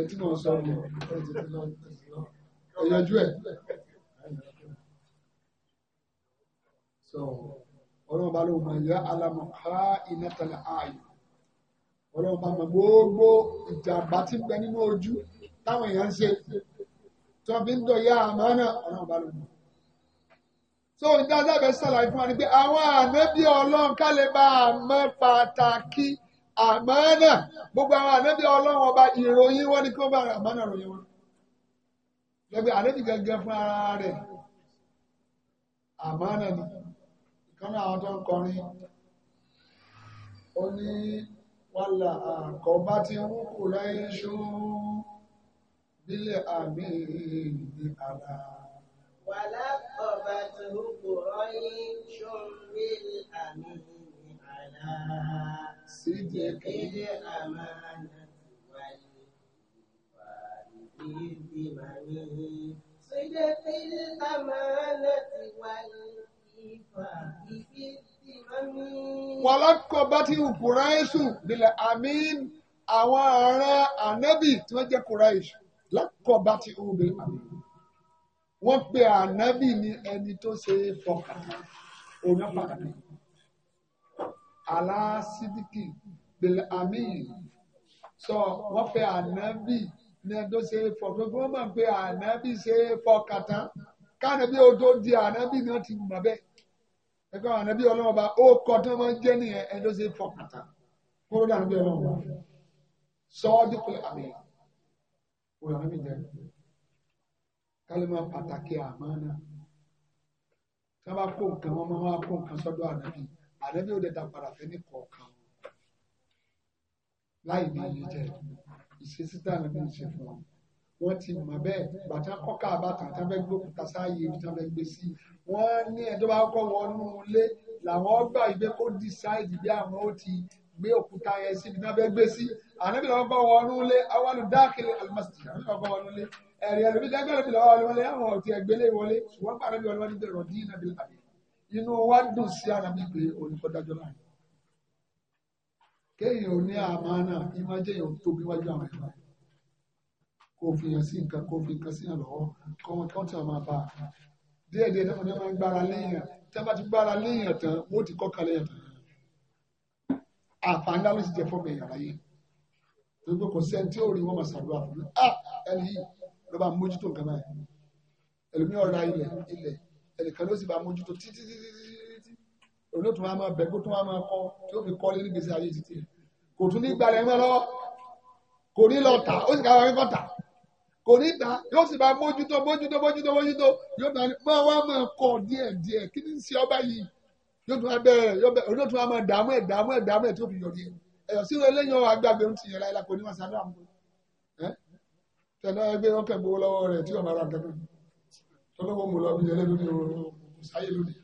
[SPEAKER 2] ẹ tí mò ń sọ mọ ẹ yanjú ẹ. ọlọ́run bá lóun máa yá alamọ̀ ha iná ààyè ọlọ́run bá mọ gbogbo ìjàmbá tí ń bẹ nínú ojú táwọn èèyàn ń ṣe tí wọ́n fi ń dọ̀yà àmọ́ náà ọlọ́run bá lóun. so ìdájọ́ bẹ́ẹ̀ sàlàyé fún wa ni pé àwọn ànábì ọlọ́run ká lè bá a mọ pàtàkì àmánà gbogbo àwọn ànábì ọlọ́run ọba ìròyìn wọn ni kí wọ́n bá ra àmánà ròyìn wọn. lẹ́gbẹ̀ẹ́ ànábì gẹ́gẹ́ fún ara rẹ̀ àmánà ni ìkànnì àwọn tó ń kọrin ó ní wàhálà àkọ́bá tí ń kù láyé ṣó bílẹ̀ àmì ìdí àlà.
[SPEAKER 1] wàhálà àkọ́bá tí ń kù láyé ṣó bílẹ̀ àmì ìdí àlà.
[SPEAKER 2] صدق الأمانة والإيمان
[SPEAKER 1] صدق الأمانة والإيمان
[SPEAKER 2] ولقبته قريش بالأمين àwọn ará ànábì tí wọ́n jẹ́ kúráìṣì lákọ̀ọ́bá ti hù bí àmì wọ́n pe ànábì ní ẹni tó ṣe é fọkàn òun pàtàkì aláṣídìkì bẹ̀lẹ̀ amíyì sọ wọ́n pe ànábì ní ẹjọ́ ṣe é fọ pé wọ́n mọ̀ pé ànábì ṣe é fọ kàtá káànábì ó tó di ànábì náà ti mọ̀ bẹ́ẹ̀ ẹgbẹ́ ànábì ọlọ́wọ́ bá ó kọ́ tó máa ń jẹ́ nìyẹn ẹjọ́ ṣe é fọ kàtá kóró dà ànábì ọlọ́wọ́ bá sọ́ọ́dí pé àmíyì òun ànábì jẹ́ kálímà pàtàkì àmánà ká bá kó nǹkan wọn máa wá kó nǹkan sọ́dọ̀ ànábì yìí àdẹ́bí ò dẹ̀ dá padà fẹ́ ní kọ̀ọ̀kan láì ní iye jẹ ìṣesí tá àná bí ń ṣe fún wọn wọn ti mọ bẹ́ẹ̀ bàtà kọkà àbàtàn tá a fẹ́ gbé òkúta sáàyè tá a fẹ́ gbé sí wọn ní ẹjọ́ bá kọ wọnú ilé làwọn gbà ìgbé kó dísáìdì bí àwọn ó ti gbé òkúta yẹn síbi tá a fẹ́ gbé sí ànábì lọ́wọ́ bá wọnú ilé awalu dákìlì alimásítì ànábì lọ́wọ́ bá wọnú ilé ẹ̀rí ẹ̀rí bí dágbẹ́rẹ́ bí lọ́wọ́ wọlé àwọn ọ̀tí ẹgbẹ́lẹ́ wọlé ṣùgbọ́n gbà ànábì wọlé wọn ti bẹ̀rọ̀ bí inú wa dùn sí àràbí pé olùkọ́dájọ́ láàrin kéèyàn ò ní àmàna ìmájẹ́ yẹn tóbi wájú àwọn ẹ̀fà kò fi hàn sí nǹkan kò fi nǹkan sí hàn lọ́wọ́ kọ́wọ́n kí wọ́n ti máa bá a díẹ̀ díẹ̀ náà ni wọ́n gbára léèyàn tí wọ́n bá ti gbára léèyàn tán wọ́n ti kọ́ka léèyàn tán àfààní ló ti jẹ fọ́ọ̀mù ẹ̀yà láyé gbogbo kò sẹ́ni tí ó rí wọn máa ṣàdúrà fún mi ah ẹni yìí ló bá mójútó nǹkan náà ẹlòmíràn ra ilẹ̀ ilẹ̀ ẹnìkan ló sì bá mójútó títí títí títí òun ló tún wá máa bẹ̀gbó tún wá máa kọ́ tí ó fi kọ́ lé nígbèsè ayé títí kò tún ní gbalẹ̀ mọ́ lọ́wọ́ kò ní lọ tà ó sì ká wọn kọ́ tà kò ní tà yóò sì bá mójútó mójútó mójútó mójútó yóò bá máa wá máa kọ́ díẹ̀ díẹ̀ kí ni ṣe ọba yìí yóò tún wá bẹ̀rẹ̀ òun ló tún wá máa dààmú ẹ̀ dààmú ẹ̀ dààmú ẹ̀ tó fi yọrí ẹ̀ ẹ̀yọ̀ sí eléyìí ọ̀hún agbábẹ́ ń tiyẹn láyé lápò onímọ̀ sáré àmúgbó tẹ̀lé ẹgbẹ́ ọkẹ́ gbowó lọ́wọ́ rẹ̀ tí ọ̀nà ara gẹ́gẹ́ tọ́lọ́wọ́ mo lọ bí ilé lónìí o kò sáyé lónìí.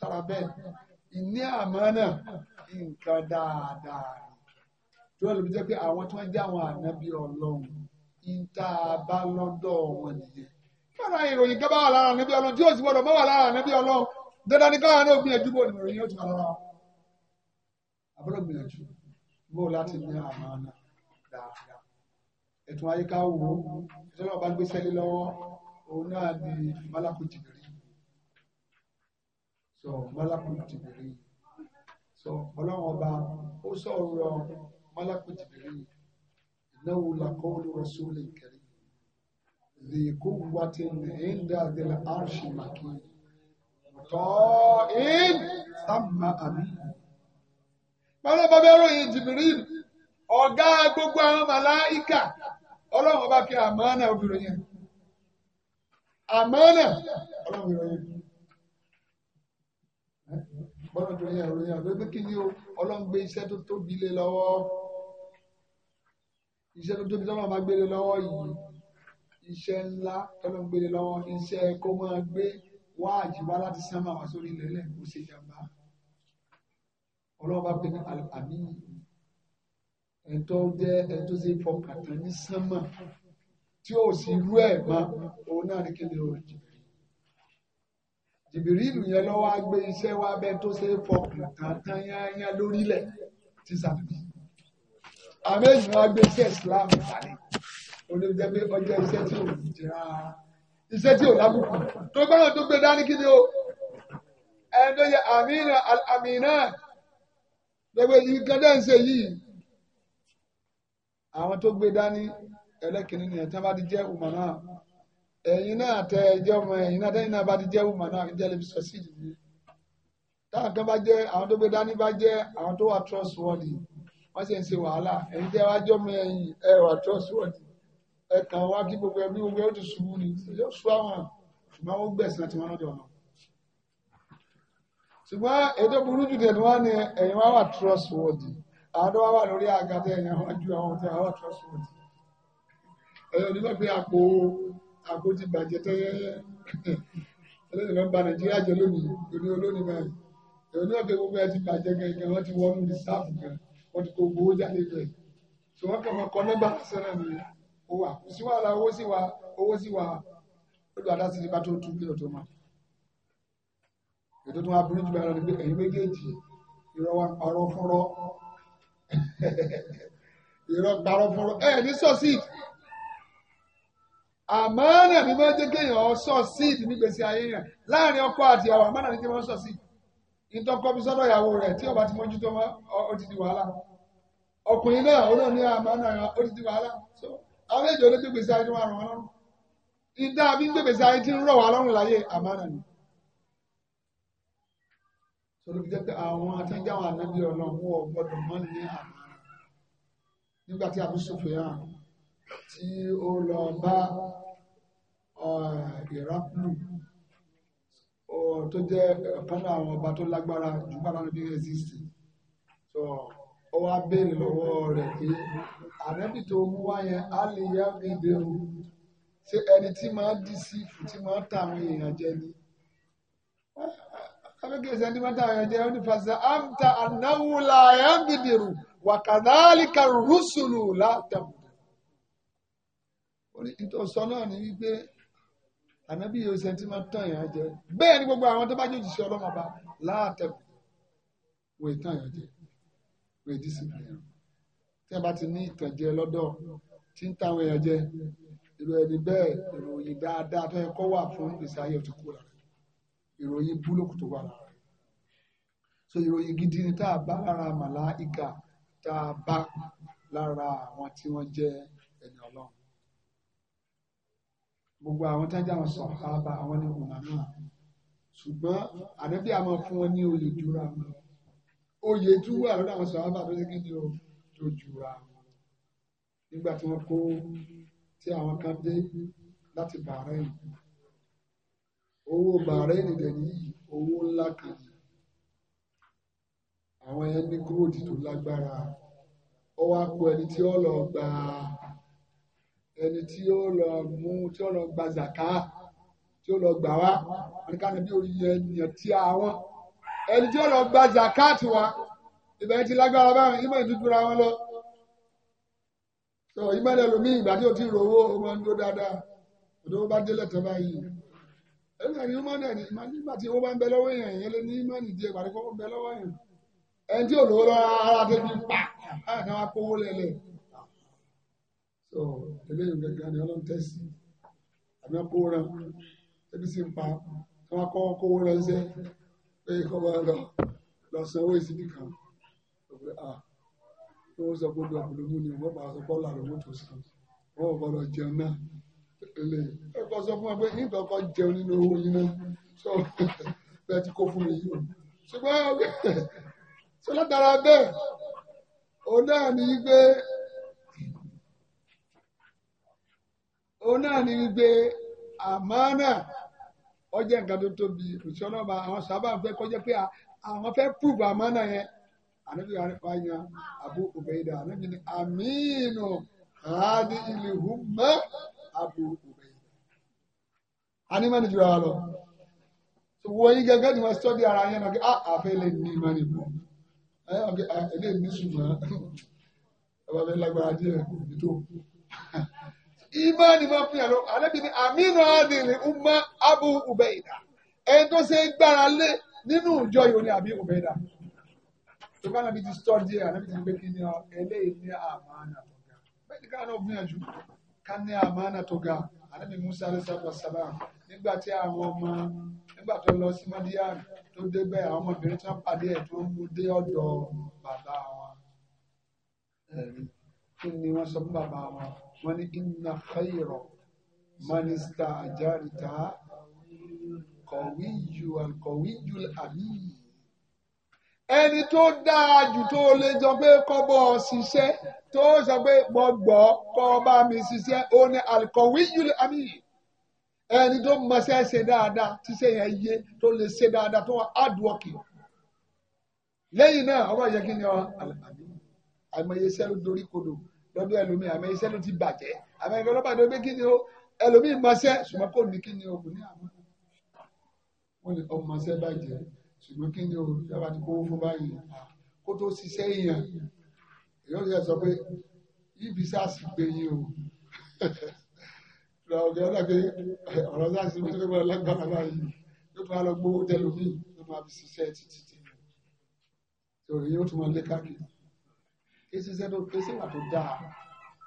[SPEAKER 2] tara bẹ́ẹ̀ ìní àmánà nǹkan dáadáa tó lè fi jẹ́ pé àwọn tí wọ́n jẹ́ àwọn ànábì ọlọ́run ń tá a bá lọ́dọ̀ wọn nìyẹn. fúnra ìròyìn kẹ́ bá wà lára ànábì ọlọ́run tí yóò sì gbọ́dọ̀ bá wà lára ànábì ọlọ́run dandan ní káwọn náà gbìyànjú bò ní ìròyìn yóò ti wà àbúrò gbìyànjú bó láti ní àmánà dáadáa ẹ̀tún ayé ká wò ó ìṣẹ́lẹ̀ ọba gbéṣẹ́ lé lọ́wọ́ òun náà ni malaku jìbìrì so malaku jìbìrì so ọlọ́run ọba ó sọ̀rọ̀ malaku jìbìrì ìnáwó làkọ́wọ́lù rọ̀ṣúlì kẹrì ذي قوة عند ذي العرش مكين طائب ثم أمين Bọ́lá bàbá ẹ̀rọ yìí Jibril, ọ̀gá gbogbo àwọn màláìkà ọlọ́run ọba kí àmánà obìnrin yẹn àmánà ọlọ́run obìnrin yẹn bọ́lá obìnrin yẹn obìnrin yẹn ló kí ni o ọlọ́run gbé iṣẹ́ tó tóbi lé lọ́wọ́ iṣẹ́ tó tóbi lọ́wọ́ máa gbé lé lọ́wọ́ yìí iṣẹ́ ńlá tọ́lọ́ ń gbé lé lọ́wọ́ iṣẹ́ kó máa gbé wá àjìwá láti sánmà wá sórí ilẹ̀ lẹ́ẹ̀kú ọlọ́run bá gbé àmì ẹni tó jẹ́ ẹni tó ṣe fọkàn tán ní sánmà tí ó sì rú ẹ̀ mọ́ òun náà ní kéde o jìbìrìlù yẹn lọ wá gbé iṣẹ́ wá bẹ tó ṣe fọkàn tán tán yányá lórílẹ̀ tí sàbí gbé iṣẹ́ Islam kalẹ̀ onídjẹ́ pé ọjọ́ tí ò ní jẹ́ tí ò lábùkù tó gbọ́dọ̀ tó gbé dání kí o ẹni tó yẹ àmínà àmínà lọ́gbẹ́ yìí gẹ́gẹ́ ń ṣe yìí àwọn tó gbé dání ẹlẹ́kìnní nìyẹn tí wọ́n bá ti jẹ́ ùmọ̀ náà ẹ̀yin náà tẹ ẹjẹ́ ọmọ ẹ̀yin náà tẹ́yìn náà bá ti jẹ́ ùmọ̀ náà ìjẹ́ lè fi sọ sí ìdílé táwọn tó bá jẹ́ àwọn tó gbé dání bá jẹ́ àwọn tó wà trustworthy wọ́n sì ń ṣe wàhálà ẹ̀yin tẹ́ wá jọ́mọ ẹ̀yin ẹ wà trustworthy ẹ kàn wá kí gbogbo ẹbí gbogbo ni yóò ṣú àwọn ṣùgbọ́n ó gbẹ̀sán tí wọ́n lọ́dọ̀ wọn. ṣùgbọ́n ètò burúkú tẹ̀ àádọ́ wà lórí àgàtà ẹ̀yìn àwọn ju àwọn tí àwọn trustworthy ẹ̀yọ́ nígbà pé àpò àpò ti bàjẹ́ tẹ́yẹ́yẹ́ ẹlẹ́yìn lọ́n ba nàìjíríà jẹ́ lónìí lónìí olónìí báyìí ẹ̀yọ́ nígbà pé gbogbo ẹ̀ ti bàjẹ́ gẹ̀gẹ̀ wọ́n ti wọ́n ní sáàfù gan wọ́n ti kó gbowó jáde bẹ́ẹ̀ tí wọ́n kàn kọ́ nọ́mbà sẹ́nà ni ó wà kò sí wàhálà wa owó wa lórí adásí ní bá tó tú bílíọ̀ tó máa ètò tó ni pé ẹ̀yin méjèèjì ìrọ̀ gbàrọ̀fọ̀rọ̀ ẹ̀ ní succeed àmánà ni wọ́n jẹ́ kéèyàn nígbèsí ayé yẹn láàrin ọkọ àti ìyàwó àmánà ni kéèyàn succeed ìtọ́kọ́ bí sọ́dọ̀ ìyàwó rẹ̀ tí ọba ti mójútó wọn ó ti di wàhálà ọkùnrin náà ó náà ní àmánà ó ti di so àwọn èjò ló gbèsè ayé tó wà wọn lọ́rùn ìdá gbèsè ayé sọlọ́bí jẹ́ pé àwọn atẹ́jáwọn ànábì ọlọ́run wọ́n gbọ́dọ̀ mọ́ ní àmàrà nígbà tí Abu Sufyan tí ó lọ bá ìrápùlù tó jẹ́ ọ̀kan náà àwọn ọba tó lágbára jù bá lánàá bí rẹ́sìsì tó ó wá béèrè lọ́wọ́ rẹ̀ pé ànábì tó mú wá yẹn á lè yá mi bẹ̀rù ṣé ẹni tí máa ń dì sí ìfù tí máa ń ta àwọn èèyàn jẹ ni ọlọ́kẹ́ ṣe ní mọ́tà àwọn jẹ́ ní fàṣẹ amta anáwùlà la wàkàdálíkà rúṣùlù látàmù. ìtọ̀sọ náà ni wípé ànábì yóò ṣe tí máa tán èèyàn jẹ bẹ́ẹ̀ ni gbogbo àwọn tó bá jòjì sí ọlọ́mọ bá látàmù wọ́n ìtàn èèyàn jẹ wọ́n èdè sì fi hàn. tí a bá ti ní ìtànjẹ lọ́dọ̀ tí ń táwọn èèyàn jẹ ìròyìn bẹ́ẹ̀ ìròyìn dáadáa tó yẹ kó wà fún ìsáyẹ̀ òtún ìròyìn búlọ́ọ̀kù tó wà lára rẹ̀ so ìròyìn gidi ni tá a bá lára màláìka tá a bá lára àwọn tí wọ́n jẹ́ ẹni ọlọ́run gbogbo àwọn tájà wọn sọ àbá àwọn ní ọmọ náà ṣùgbọ́n àdébí àmọ́ fún wọn ní oyè dúra wọn oyè dúwà lọ́dọ̀ àwọn sọ àbá tó ṣe kí ni o tó jura wọn nígbà tí wọ́n kó tí àwọn kan dé láti bàárẹ̀ yìí owó bahrain dẹ̀ níyì owó ńlá kan ni àwọn yẹn ní gúròdì tó lágbára ó wá pọ ẹni tí ó lọ gba ẹni tí ó lọ mú tí ó lọ gba zaka tí ó lọ gbà wá àríkàní bí orí ènìyàn tí àwọn ẹni tí ó lọ gba zaka ti wá ìbẹ̀rẹ̀ ti lágbára báyìí ìmọ̀ ìdúdúra wọn lọ ìmọ̀ ẹlòmíì ìgbà tí ò ti rówó ó máa ń dó dáadáa òdòwó bá délẹ̀ tán báyìí ẹnu ẹni ìmánì ẹni ìmánì nígbà tí owó bá ń bẹ lọ́wọ́ èèyàn èèyàn lé ní ìmánì díẹ̀ pàdé kọ́kọ́ ń bẹ lọ́wọ́ èèyàn ẹni tí ò lówó lọ́wọ́ ara tó fi pa báyìí kan wá kówó lẹ́lẹ̀ so eléyìí gẹ́gẹ́ ni ọlọ́run tẹ̀sí àmì kówó rẹ ebi sì ń pa wọn kọ́ kówó rẹ ṣe pé kọ́ bá lọ lọ san owó ìsìnkú kan ọ̀pẹ à tí wọ́n sọ pé ó dọ̀ ọ̀pọ̀lọpọ̀ ni wọ́n bá sọ bọ́ọ̀lù àlọ́ lè ẹ kọ sọ fún wa pé fún mi yìí o ṣùgbọ́n ṣe látara bẹ́ẹ̀ òun náà ní gbé òun náà ní gbé àmánà nǹkan tó àwọn sábà ń kọjá pé àwọn àmánà yẹn yan àbú òbẹ̀yìdà abu ubayi a ní mẹ́ni jura wa lọ wọ́n yí gẹ́gẹ́ ni wọ́n sọ́dí ara yẹn náà kí àfẹ́ ah, lè ní mẹ́ni bọ̀ ẹ̀lẹ́ ní ṣùgbọ́n ẹ̀wọ̀n mi lágbára díẹ̀ nítò ìmọ̀ ni wọ́n fi lo, lọ alẹ́bí ni aminu adìrì umma abu ubaida ẹni tó ṣe gbára lé nínú ìjọ yìí ni àbí ubaida tó bá nàbí ti sọ́dí ẹ̀ àlẹ́bí ti gbé kí ni ọ ẹlẹ́yìn ní àmàna bẹ́ẹ̀ ni ká ní àmánà tó ga ànábì Musa alayisalaatu wasalaam nígbà tí àwọn ọmọ nígbà tó lọ sí Madian tó débẹ̀ àwọn ọmọbìnrin tó ń pàdé ẹ̀ tó ń mú dé ọ̀dọ̀ bàbá wọn kí ni wọ́n sọ fún bàbá wọn wọ́n ní inna khayra manista ajarita kọ̀wíjù alkọ̀wíjù àmì ẹni tó dáa jù tó lè sọ pé kọ́ bọ́ ọ ṣiṣẹ́ tó sọ pé mo gbọ́ kọ́ ọ bá mi ṣiṣẹ́ ó ní alikọ̀wé yúlẹ̀ àmì ẹni tó mọṣẹ́ ṣe dáadáa ṣiṣẹ́ yẹn yé tó lè ṣe dáadáa tó wà ádùọ́kì lẹ́yìn náà ọmọ ìyẹn kí ni ọ àlàmì àmọye sẹ́lú dorí kodò lọ́dọ̀ ẹlòmíì àmọye sẹ́lú ti bàjẹ́ àmọye ọlọ́pàá ni ó gbé kí ni ó ẹlòmíì mọṣẹ́ ṣùgbọ́n kò ní kí ni ó kò ní àmọ́ wọn ni ọmọ bàjẹ́ ṣùgbọ́n kí ni o yọba ti kówó fún báyìí kó tó ṣiṣẹ́ èèyàn èèyàn ti sọ pé ibi sars gbé yín o lọ ọ̀gá ọ̀dà pé ọ̀rọ̀ sars ló ti gbọ́dọ̀ lágbára báyìí ló máa lọ gbówó tẹlómi ló máa fi ṣiṣẹ́ títí tí ìròyìn yóò tún máa lé káàkiri kí ṣiṣẹ́ tó kí ṣèwà tó dáa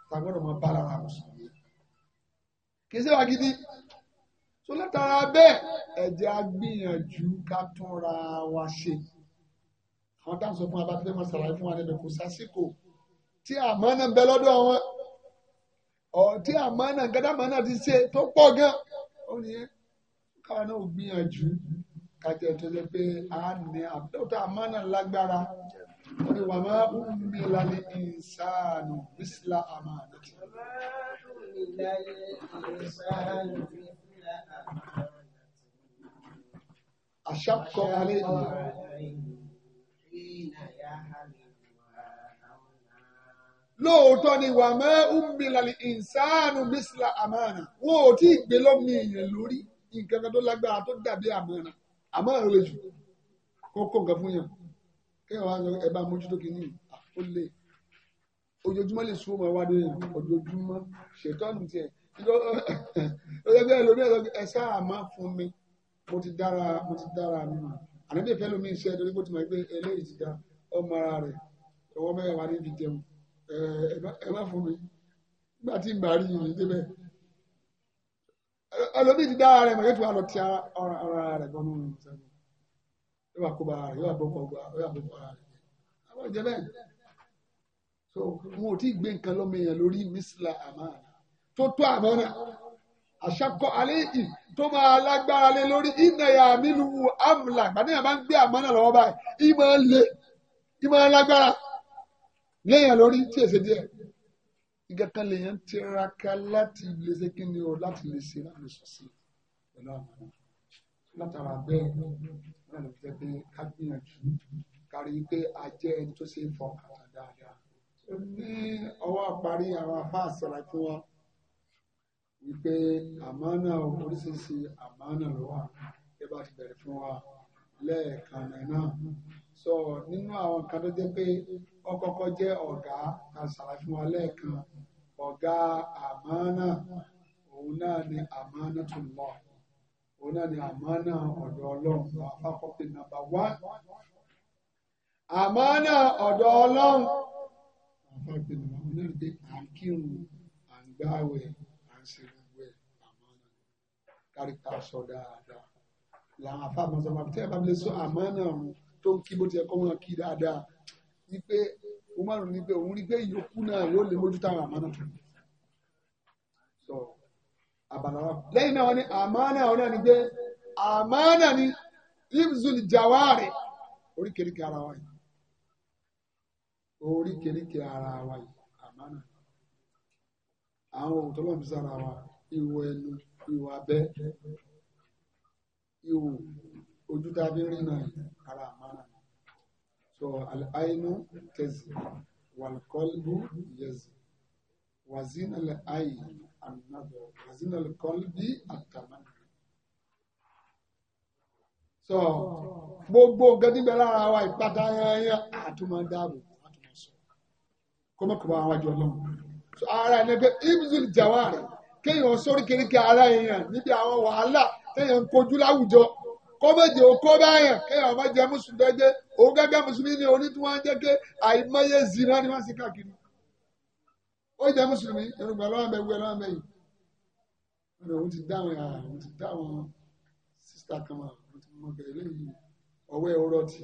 [SPEAKER 2] ta gbọ́dọ̀ máa bá lára mùsùlùmí kí ṣèwà gidi so látara bẹ́ẹ̀ ẹ jẹ́ á gbìyànjú ká túnra wa ṣe àwọn táwọn sọ fún wa bá tẹ́lẹ̀ wọn ṣàlàyé fún wa nínú kò sásìkò tí àmọ́ náà bẹ lọ́dọ̀ wọn ọtí àmọ́nà gádàmọ́nà ti ṣe tó pọ̀ gan ó ní káwọn náà gbìyànjú kájọ tó lè pé a ní àbúrò àmọ́nà lágbára ó ní wàmọ́ mi lálé ìsáàánù bísílà àmọ́ àdàtì. أشق عليه lóòótọ́ ni wà mẹ́ umbilali ìsánú bísílà àmàna wọn ò tí ì gbé lọ́mọ èèyàn lórí nǹkan kan tó lágbára tó dàbí àmàna àmàna lè jù kó kó nǹkan fún yàn kéèyàn wá sọ ẹ bá mójútó kìíní ah, ó lè ojoojúmọ́ lè sún ọmọ wa dé yàn ojoojúmọ́ ṣètọ́nù tiẹ̀ ẹgbẹ́ ẹ lómi ẹ sáà má fún mi mo ti dára mo ti dára mi ìfẹ́ lómi iṣẹ́ torí bó ti mọ̀ pé eléyìí da ọmọ ara rẹ̀ ọwọ́ mẹ́wàá níbi jẹun ẹ má fún mi nígbà tí ìgbà rí yìí débẹ̀ ọlọ́bí ti dára rẹ̀ mọ̀ yóò tún wà lọ ti ara rẹ̀ nínú yóò wà kó ara rẹ̀ yóò wà ara rẹ̀ àwọn so wọn ò tí ì àṣàkọ́ alẹ́ yìí tó máa lágbára lé lórí ìnàyà mílù amúlà gbàdéyàn bá ń gbé àmọ́ náà lọ́wọ́ báyìí ìmọ̀ lé ìmọ̀ lágbára léèyàn lórí tí èsè díẹ̀ ìgẹ̀kan lèèyàn tiraka láti lè ṣe kí ni o láti lè ṣe láti lè sọ̀sẹ̀ pẹ̀lú àwọn látara bẹ́ẹ̀ náà lè pé ká gbìyànjú kárí pé a jẹ́ ẹni tó ṣe é dáadáa ní ọwọ́ àparí àwọn wọn. wípé àmánà oríṣiríṣi àmánà ló wà bí bá ti bẹ̀rẹ̀ fún wa lẹ́ẹ̀kan náà sọ nínú àwọn kan tó jẹ́ pé ọkọ̀ọ̀kọ̀ jẹ́ ọ̀gá ta ṣàlàyé fún wa lẹ́ẹ̀kan ọ̀gá àmánà òun náà ni àmánà tó lọ òun náà ni àmánà ọ̀dọ̀ ọlọ́run àpapọ̀pẹ̀ nàmbà wá àmánà ọ̀dọ̀ ọlọ́run àpapọ̀pẹ̀ nàmbà wá òun náà ni pé ṣe gbogbo ẹ̀ àmánà ni káríkà sọ dáadáa làwọn afáàmọ́ sọ ma tẹ́ ẹ bá mi lè sọ àmánà ọ̀run tó ń kí bó ti ẹ̀ kọ́ wọn kí dáadáa wípé umaru ní pé òun rí pé ìyókù náà yóò lè mójútó àwọn àmánà tó abala wa lẹ́yìn náà wọ́n ní àmánà ọ̀nà ni pé àmánà ni ibzul jawari oríkèéríkèé ara wa yìí oríkèéríkèé ara wa yìí àwọn ohun tó lọ́n fi sára wa ihò ẹnu ihò abẹ́ ihò ojú tá a fi rìn náà ara àmàrà so àìnú tẹ̀sí wàlkọ́lbù yẹ̀sì wàzínàlẹ̀ àì ànàbọ̀ wàzínàlẹ̀ kọ́lbì àtàmánà. so gbogbo nǹkan níbẹ̀ lára wa ìpàtà yẹn yẹn àtúmọ̀ dáàbò àtúmọ̀ sọ kọ́mọ̀kọ́mọ̀ àwọn àjọ ọlọ́run ara ẹni pé ibzil jawari kéèyàn sórí kéríkì ara èèyàn níbi àwọn wàhálà téèyàn ń kojú láwùjọ kọ́mẹ́jì okó báyàn kéèyàn ọmọ jẹ mùsùlùmí jẹ òun gẹ́gẹ́ mùsùlùmí ni oní tí wọ́n ń jẹ́ pé àìmọye zina ni wọ́n sì káàkiri ó jẹ mùsùlùmí yorùbá lọ́wọ́ bẹ wú ẹ lọ́wọ́ bẹ yìí ọ̀nà òun ti dáhùn ẹ̀ àwọn ti dáhùn sísítà kan wà wọ́n mọ̀ bẹ̀rẹ̀ lẹ́yìn ọwọ́ ọ̀rọ̀ ti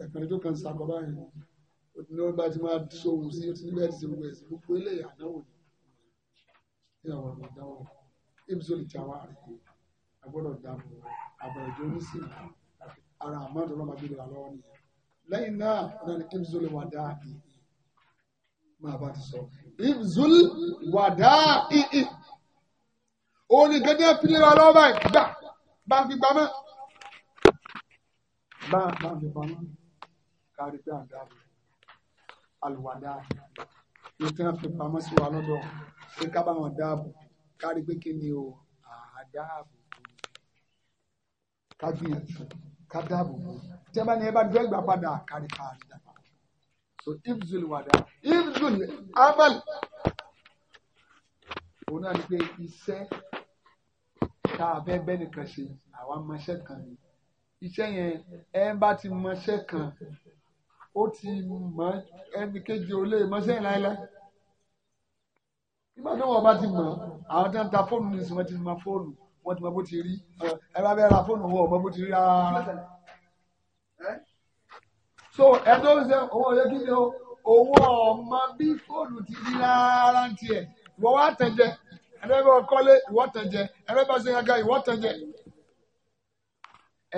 [SPEAKER 2] ẹ̀kan ó ti ní wọn bá ti máa sóhun sí ní bẹ́ẹ̀ ti ṣe gbogbo gbogbo eléyà náwó ni ní àwọn ọmọ ìdáwọ ibùsùn lè ti àwọn àrègbè agbọ́dọ̀ dàbò àbẹ̀rẹ̀jọ onísìn ara àmọ́dọ̀ lọ́mọ gbé lọ́wọ́ nìyẹn lẹ́yìn náà ọ̀nà ni ibùsùn lè wà dáa ìhì máa bá ti sọ ibùsùn wà dáa ìhì òun ni gẹ́gẹ́ fi lé lọ́wọ́ báyìí gbà bá fi gbà bá bá fi gbà kárí pé àdáàbò àlùwàdà ní tí wọ́n fi pamọ́ sí wa lọ́dọ̀ pé ká bá wọn dáàbò kárí pé kí ni o àdáàbò ká gbìyànjú ká dáàbò bò tí wọ́n bá ní ẹ bá dúró ìgbà padà kárí kárí dàgbà so ibzul wàdà ibzul abal òun náà ni pé iṣẹ́ tá a fẹ́ bẹ́ẹ̀ nìkan ṣe àwa mọṣẹ́ kan ni iṣẹ́ yẹn ẹ bá ti mọṣẹ́ kan ó ti mọ ẹni kejì ò lè mọ sẹ́yìn láéláé nígbà tí wọ́n bá ti mọ̀ àwọn tí wọ́n ta fóònù ní ìsìn wọ́n ti mọ fóònù wọ́n ti mọ bó ti rí ẹ bá bẹ́ẹ̀ ra fóònù wọn ò mọ bó ti rí rárá. so ẹ tó ń sẹ owó ọyọ kí ni o owó ọmọ bí fóònù ti rí rárá ń tiẹ̀ ìwọ wá tẹ̀jẹ̀ ẹ̀rẹ́ bá kọ́lé ìwọ tẹ̀jẹ̀ ẹ̀rẹ́ bá ṣe yangan ìwọ tẹ̀jẹ̀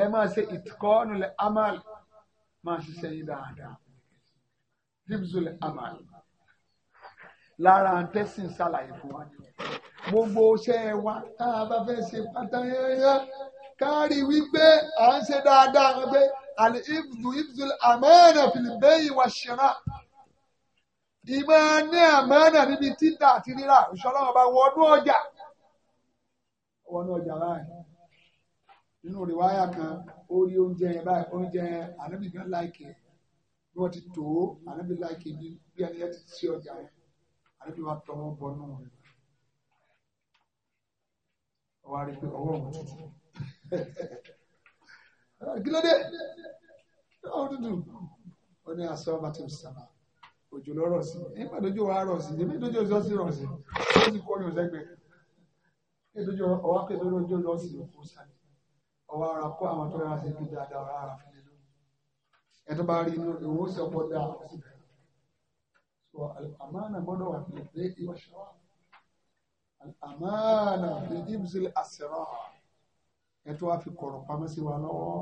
[SPEAKER 2] ẹ máa ṣe ìtukọ́ nulẹ̀ amáàlì máa ṣiṣẹ́ yín dáadáa zimzul amal lára tẹ́sìn ṣàlàyé fún wa ni gbogbo iṣẹ́ wa tá a bá fẹ́ ṣe pátá yẹ́yẹ́ kárí wípé à ń ṣe dáadáa wípé àlè ibùdó ibùdó àmọ́nà fìlìbẹ́yìn wa ṣẹ̀rà ìmọ̀ ní àmọ́nà níbi títà àti rírà ìṣọ́lọ́wọ́ bá wọnú ọjà wọnú ọjà báyìí nínú rìwáyà kan ó rí oúnjẹ yẹn báyìí oúnjẹ ànábì kan láìkè bí wọ́n ti tò ó ànábì láìkè bí bí ẹni yẹn ti ṣe ọjà yẹn ànábì wa tọwọ́ bọ nù rẹ̀ ọwọ́ àrí pé ọwọ́ òun tutù kí ló dé ọwọ́ tutù ó ní aṣọ bàtí òṣìṣàmà òjò lọ rọ̀ sí nígbà tójú wa rọ̀ sí níbi tójú òṣìṣọ́ sí rọ̀ sí ó sì kọ́ ní òṣègbè nítorí ọwọ́ pé lórí ojú lọ sí òkú sáré ọwọ́ ara kó àwọn tó yára ṣe bí dáadáa ọ̀rá ara fi lè lórí ẹ tó bá rí inú ìwọ sí ọ̀pọ̀ dá àwọn sì bẹ̀rẹ̀ so àmàna gbọ́dọ̀ wà fìlẹ̀ pé ìwọ ṣọ́wà àmàna fi ibzil àṣẹrọ ẹ tó wá fi kọ̀rọ̀ pamọ́ sí wa lọ́wọ́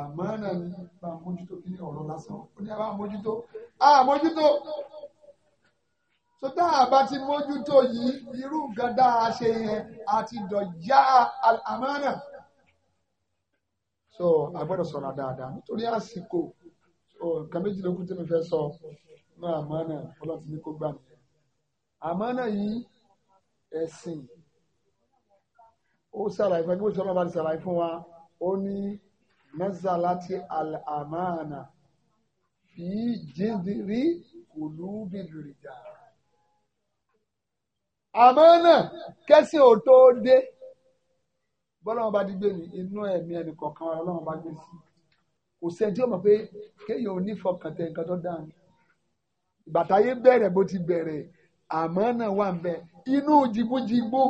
[SPEAKER 2] àmàna ní bá mójútó kí ní ọ̀rọ̀ lásán ó ní àbá mójútó á mójútó so tá ti mójútó yìí irú nǹkan dáa yẹn àti dọ̀já àmàna so a gbọ́dọ̀ sọ̀rọ̀ dáadáa nítorí àsìkò nǹkan méjìlélógún tí mi fẹ́ sọ náà àmánà ọlọ́run ti ní kó gbà mí àmánà yìí ẹ̀sìn ó ṣàlàyé fún ẹgbẹ́ ìṣọ́nà bá ti ṣàlàyé fún wa ó ní nazalati al-amana fi jindiri kulubi rìjà àmánà kẹ́sìn ò tó dé bọ́lọ́wọ́n bá dígbé ni inú ẹ̀mí ẹnì kọ̀ọ̀kan wa lọ́wọ́n bá gbé sí kò sẹ́ni tí ó mọ̀ pé kéèyàn ò ní fọkàn tẹ nǹkan tó dáa ni ìbàtàyé bẹ̀rẹ̀ bó ti bẹ̀rẹ̀ àmọ́ náà wà ń bẹ inú jìbújìbú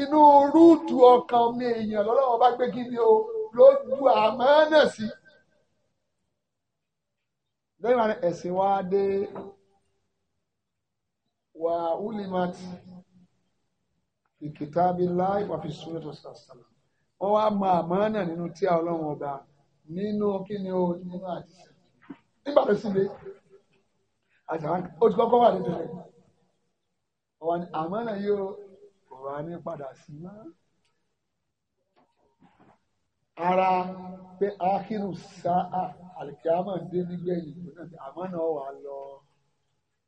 [SPEAKER 2] inú rúùtù ọkàn mi èèyàn lọ́wọ́n bá gbé kí ni o ló du àmọ́ náà sí. lẹ́yìn wa ẹ̀sìn wa dé wa ulimat fi kitabillahi wa fi sunnati sallallahu wọ́n wá mọ àmánà nínú tí a ọlọ́run ọba nínú kí ni o nínú àdìsẹ́ nígbà tó síbi àtàwọn ó ti kọ́kọ́ wà nítorí rẹ̀ ọ̀wà ni àmánà yóò ọ̀rọ̀ àní padà sí mọ́ ara pé akínú sáà àlìkíámà dé nígbẹ̀yìn ìlú náà àmánà wà lọ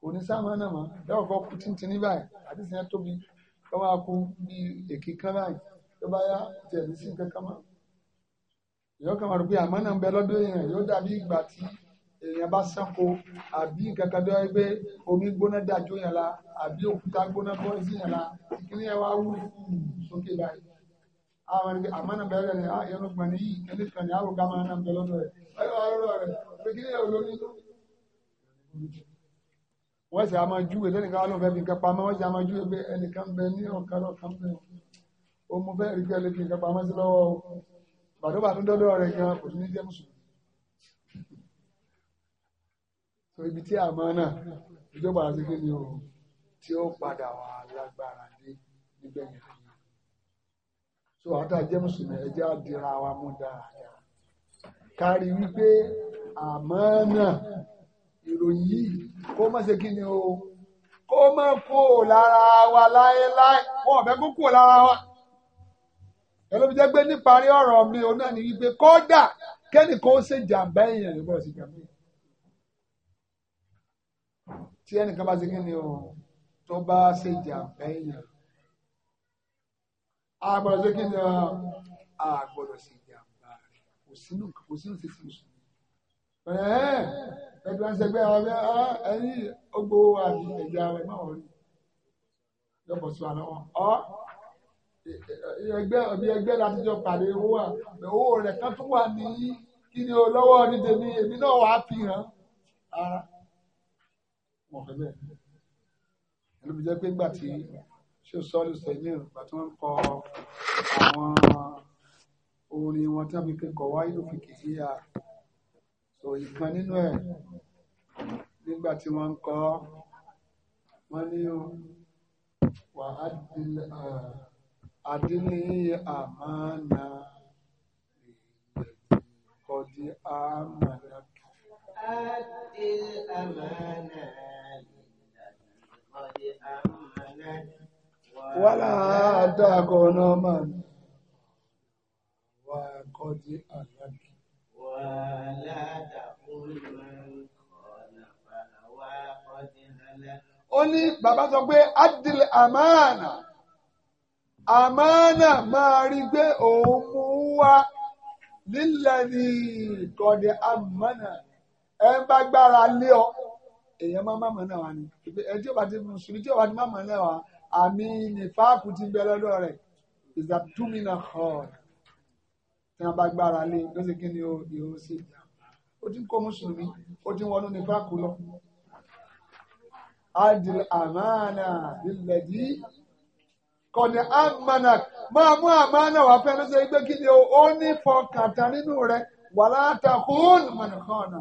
[SPEAKER 2] onísàmánà mọ́ dáwọ́ kọ́ kú títí ní báyìí àdìsẹ́ tóbi kọ́ máa kú bí èkì kan báyìí tó bá yá tiẹ̀ ní sí nǹkan kan mọ́
[SPEAKER 1] èèyàn kan máa rò pé àmọ́ náà ń bẹ lọ́dún èèyàn yóò
[SPEAKER 2] dàbí ìgbà tí èèyàn bá sanko àbí nǹkan kan tó yẹ pé omi gbóná dájú yẹn la àbí òkúta gbóná bọ́ sí yẹn la kíni yẹn wá wú sókè báyìí àwọn ẹni àmọ́ náà bẹ lọ́dún yẹn ah, yẹn gbọ̀n ní yìí ẹni kan ní àròkà máa náà bẹ lọ́dún rẹ̀ ọ̀rọ̀ ọ̀rọ̀ rẹ̀ pé kíni yẹn olórí wọ́n sì á máa júwe lẹ́nìkan wà lóun fẹ́ fi nǹkan pamọ́ wọ́n sì á máa júwe pé ẹnìkan bẹ ní ọ̀kan lọ́kan bẹ́ẹ̀ ó mú fẹ́ rí pé ẹlẹ́bí nǹkan pamọ́ sí lọ́wọ́ o bàdó bá tún dọ́dọ̀ rẹ̀ gan kò tún ní jẹ́ mùsùlùmí. so ibi tí àmọ́ náà ìjọba àti kí ni o tí ó padà wà lágbára dé nígbẹ̀yìn ayé so àtà jẹ́ mùsùlùmí ẹ̀jẹ̀ àdìra wa mú dáadáa kárí wípé àmọ́ náà ìròyìn yìí kó má ṣe kí ni o kó má kó lára wa láéláé wọn ò fẹ́ kó kó lára wa. ẹlẹ́bi jẹ́ níparí ọ̀rọ̀ mi òun náà ní wípé kọ́dà kẹ́nìkan ó ṣe jàǹbá èèyàn ló bọ̀ sí jàǹbá èèyàn. tí ẹnìkan bá ṣe kí ni tó bá ṣe jàǹbá èèyàn ni a gbọ́dọ̀ ẹgbẹ́ ọ̀bí ẹgbẹ́ láti jọ pàdé owó wa owó rẹ̀ kan tún wà ní kí ni o lọ́wọ́ ní tèmi èmi náà wàá fi hàn ara wọn fẹ́ bẹ́ẹ̀ ẹni bí jẹ́ pé gbà tí ṣé sọ́ọ́lù sẹ́yìn ìgbà tí wọ́n ń kọ àwọn orin wọn tí wọ́n fi kẹ́kọ̀ọ́ wáyé òfin kìí yá so ìkan nínú ẹ̀ nígbà tí wọ́n ń kọ wọ́n ní wàá di. Adé ní àmánà ìgbẹ̀bí kọjí àmàlà.
[SPEAKER 1] Adé àmánà ìgbẹ̀bí kọjí àmàlà. Wàlá àdàgọ̀
[SPEAKER 2] náà mà ní wà kọjí
[SPEAKER 1] àlàkì. Wàlá àdàgọ̀ náà kọ̀ọ̀nà wà kọjí
[SPEAKER 2] àlàkì. Ó ní bàbá sọ pé Adé àmánà àmánà máa rí pé òun mú wá nílẹ̀ ní ìkọ̀dẹ̀ àmánà ẹ ń bá gbára lé ọ èèyàn máa má mọ̀nà wa ni ẹ tí ó bá ti mùsùlùmí tí ó bá ti má mọ̀nà wa àmì nífàákù ti bẹ lọ́dọ̀ rẹ̀ ìzàtúmínà hàn tí wọ́n bá gbára lé ló sì kí ni o ìhòòhò sí ó ti ń kó mùsùlùmí ó ti ń wọnú nífàákù lọ. adìl àmánà ilẹ̀ yìí kọ̀dẹ̀ amanak máa mú àmánà wá fẹ́ ló ṣe gbé kí ni ó ní fọkàntán nínú rẹ̀ wà látàkùn mọ̀nàkọ́nà.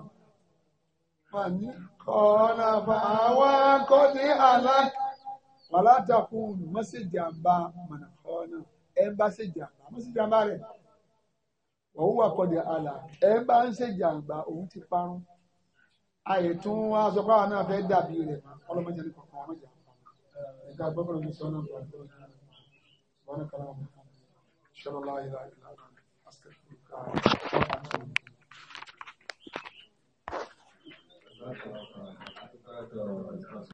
[SPEAKER 2] Mọ̀nàkọ́nà fàwa kọ́ni alák wà látàkùn mọ́síjàmbá mọ̀nàkọ́nà ẹ̀ ń bá ṣèjàmbá mọ́síjàmbá rẹ̀ òun wà kọ́dẹ̀ àlà ẹ̀ ń bá ń ṣèjàmbá òun ti parun ààyè tún wá sọ pé àwọn náà fẹ́ dàbí rẹ̀ ọlọ́mọdé ní kọ̀ọ̀kan ọmọdé ní sọ́nà ọ̀gbọ̀n وانا كلامك ان شاء الله لا اله الا انت
[SPEAKER 1] استغفرك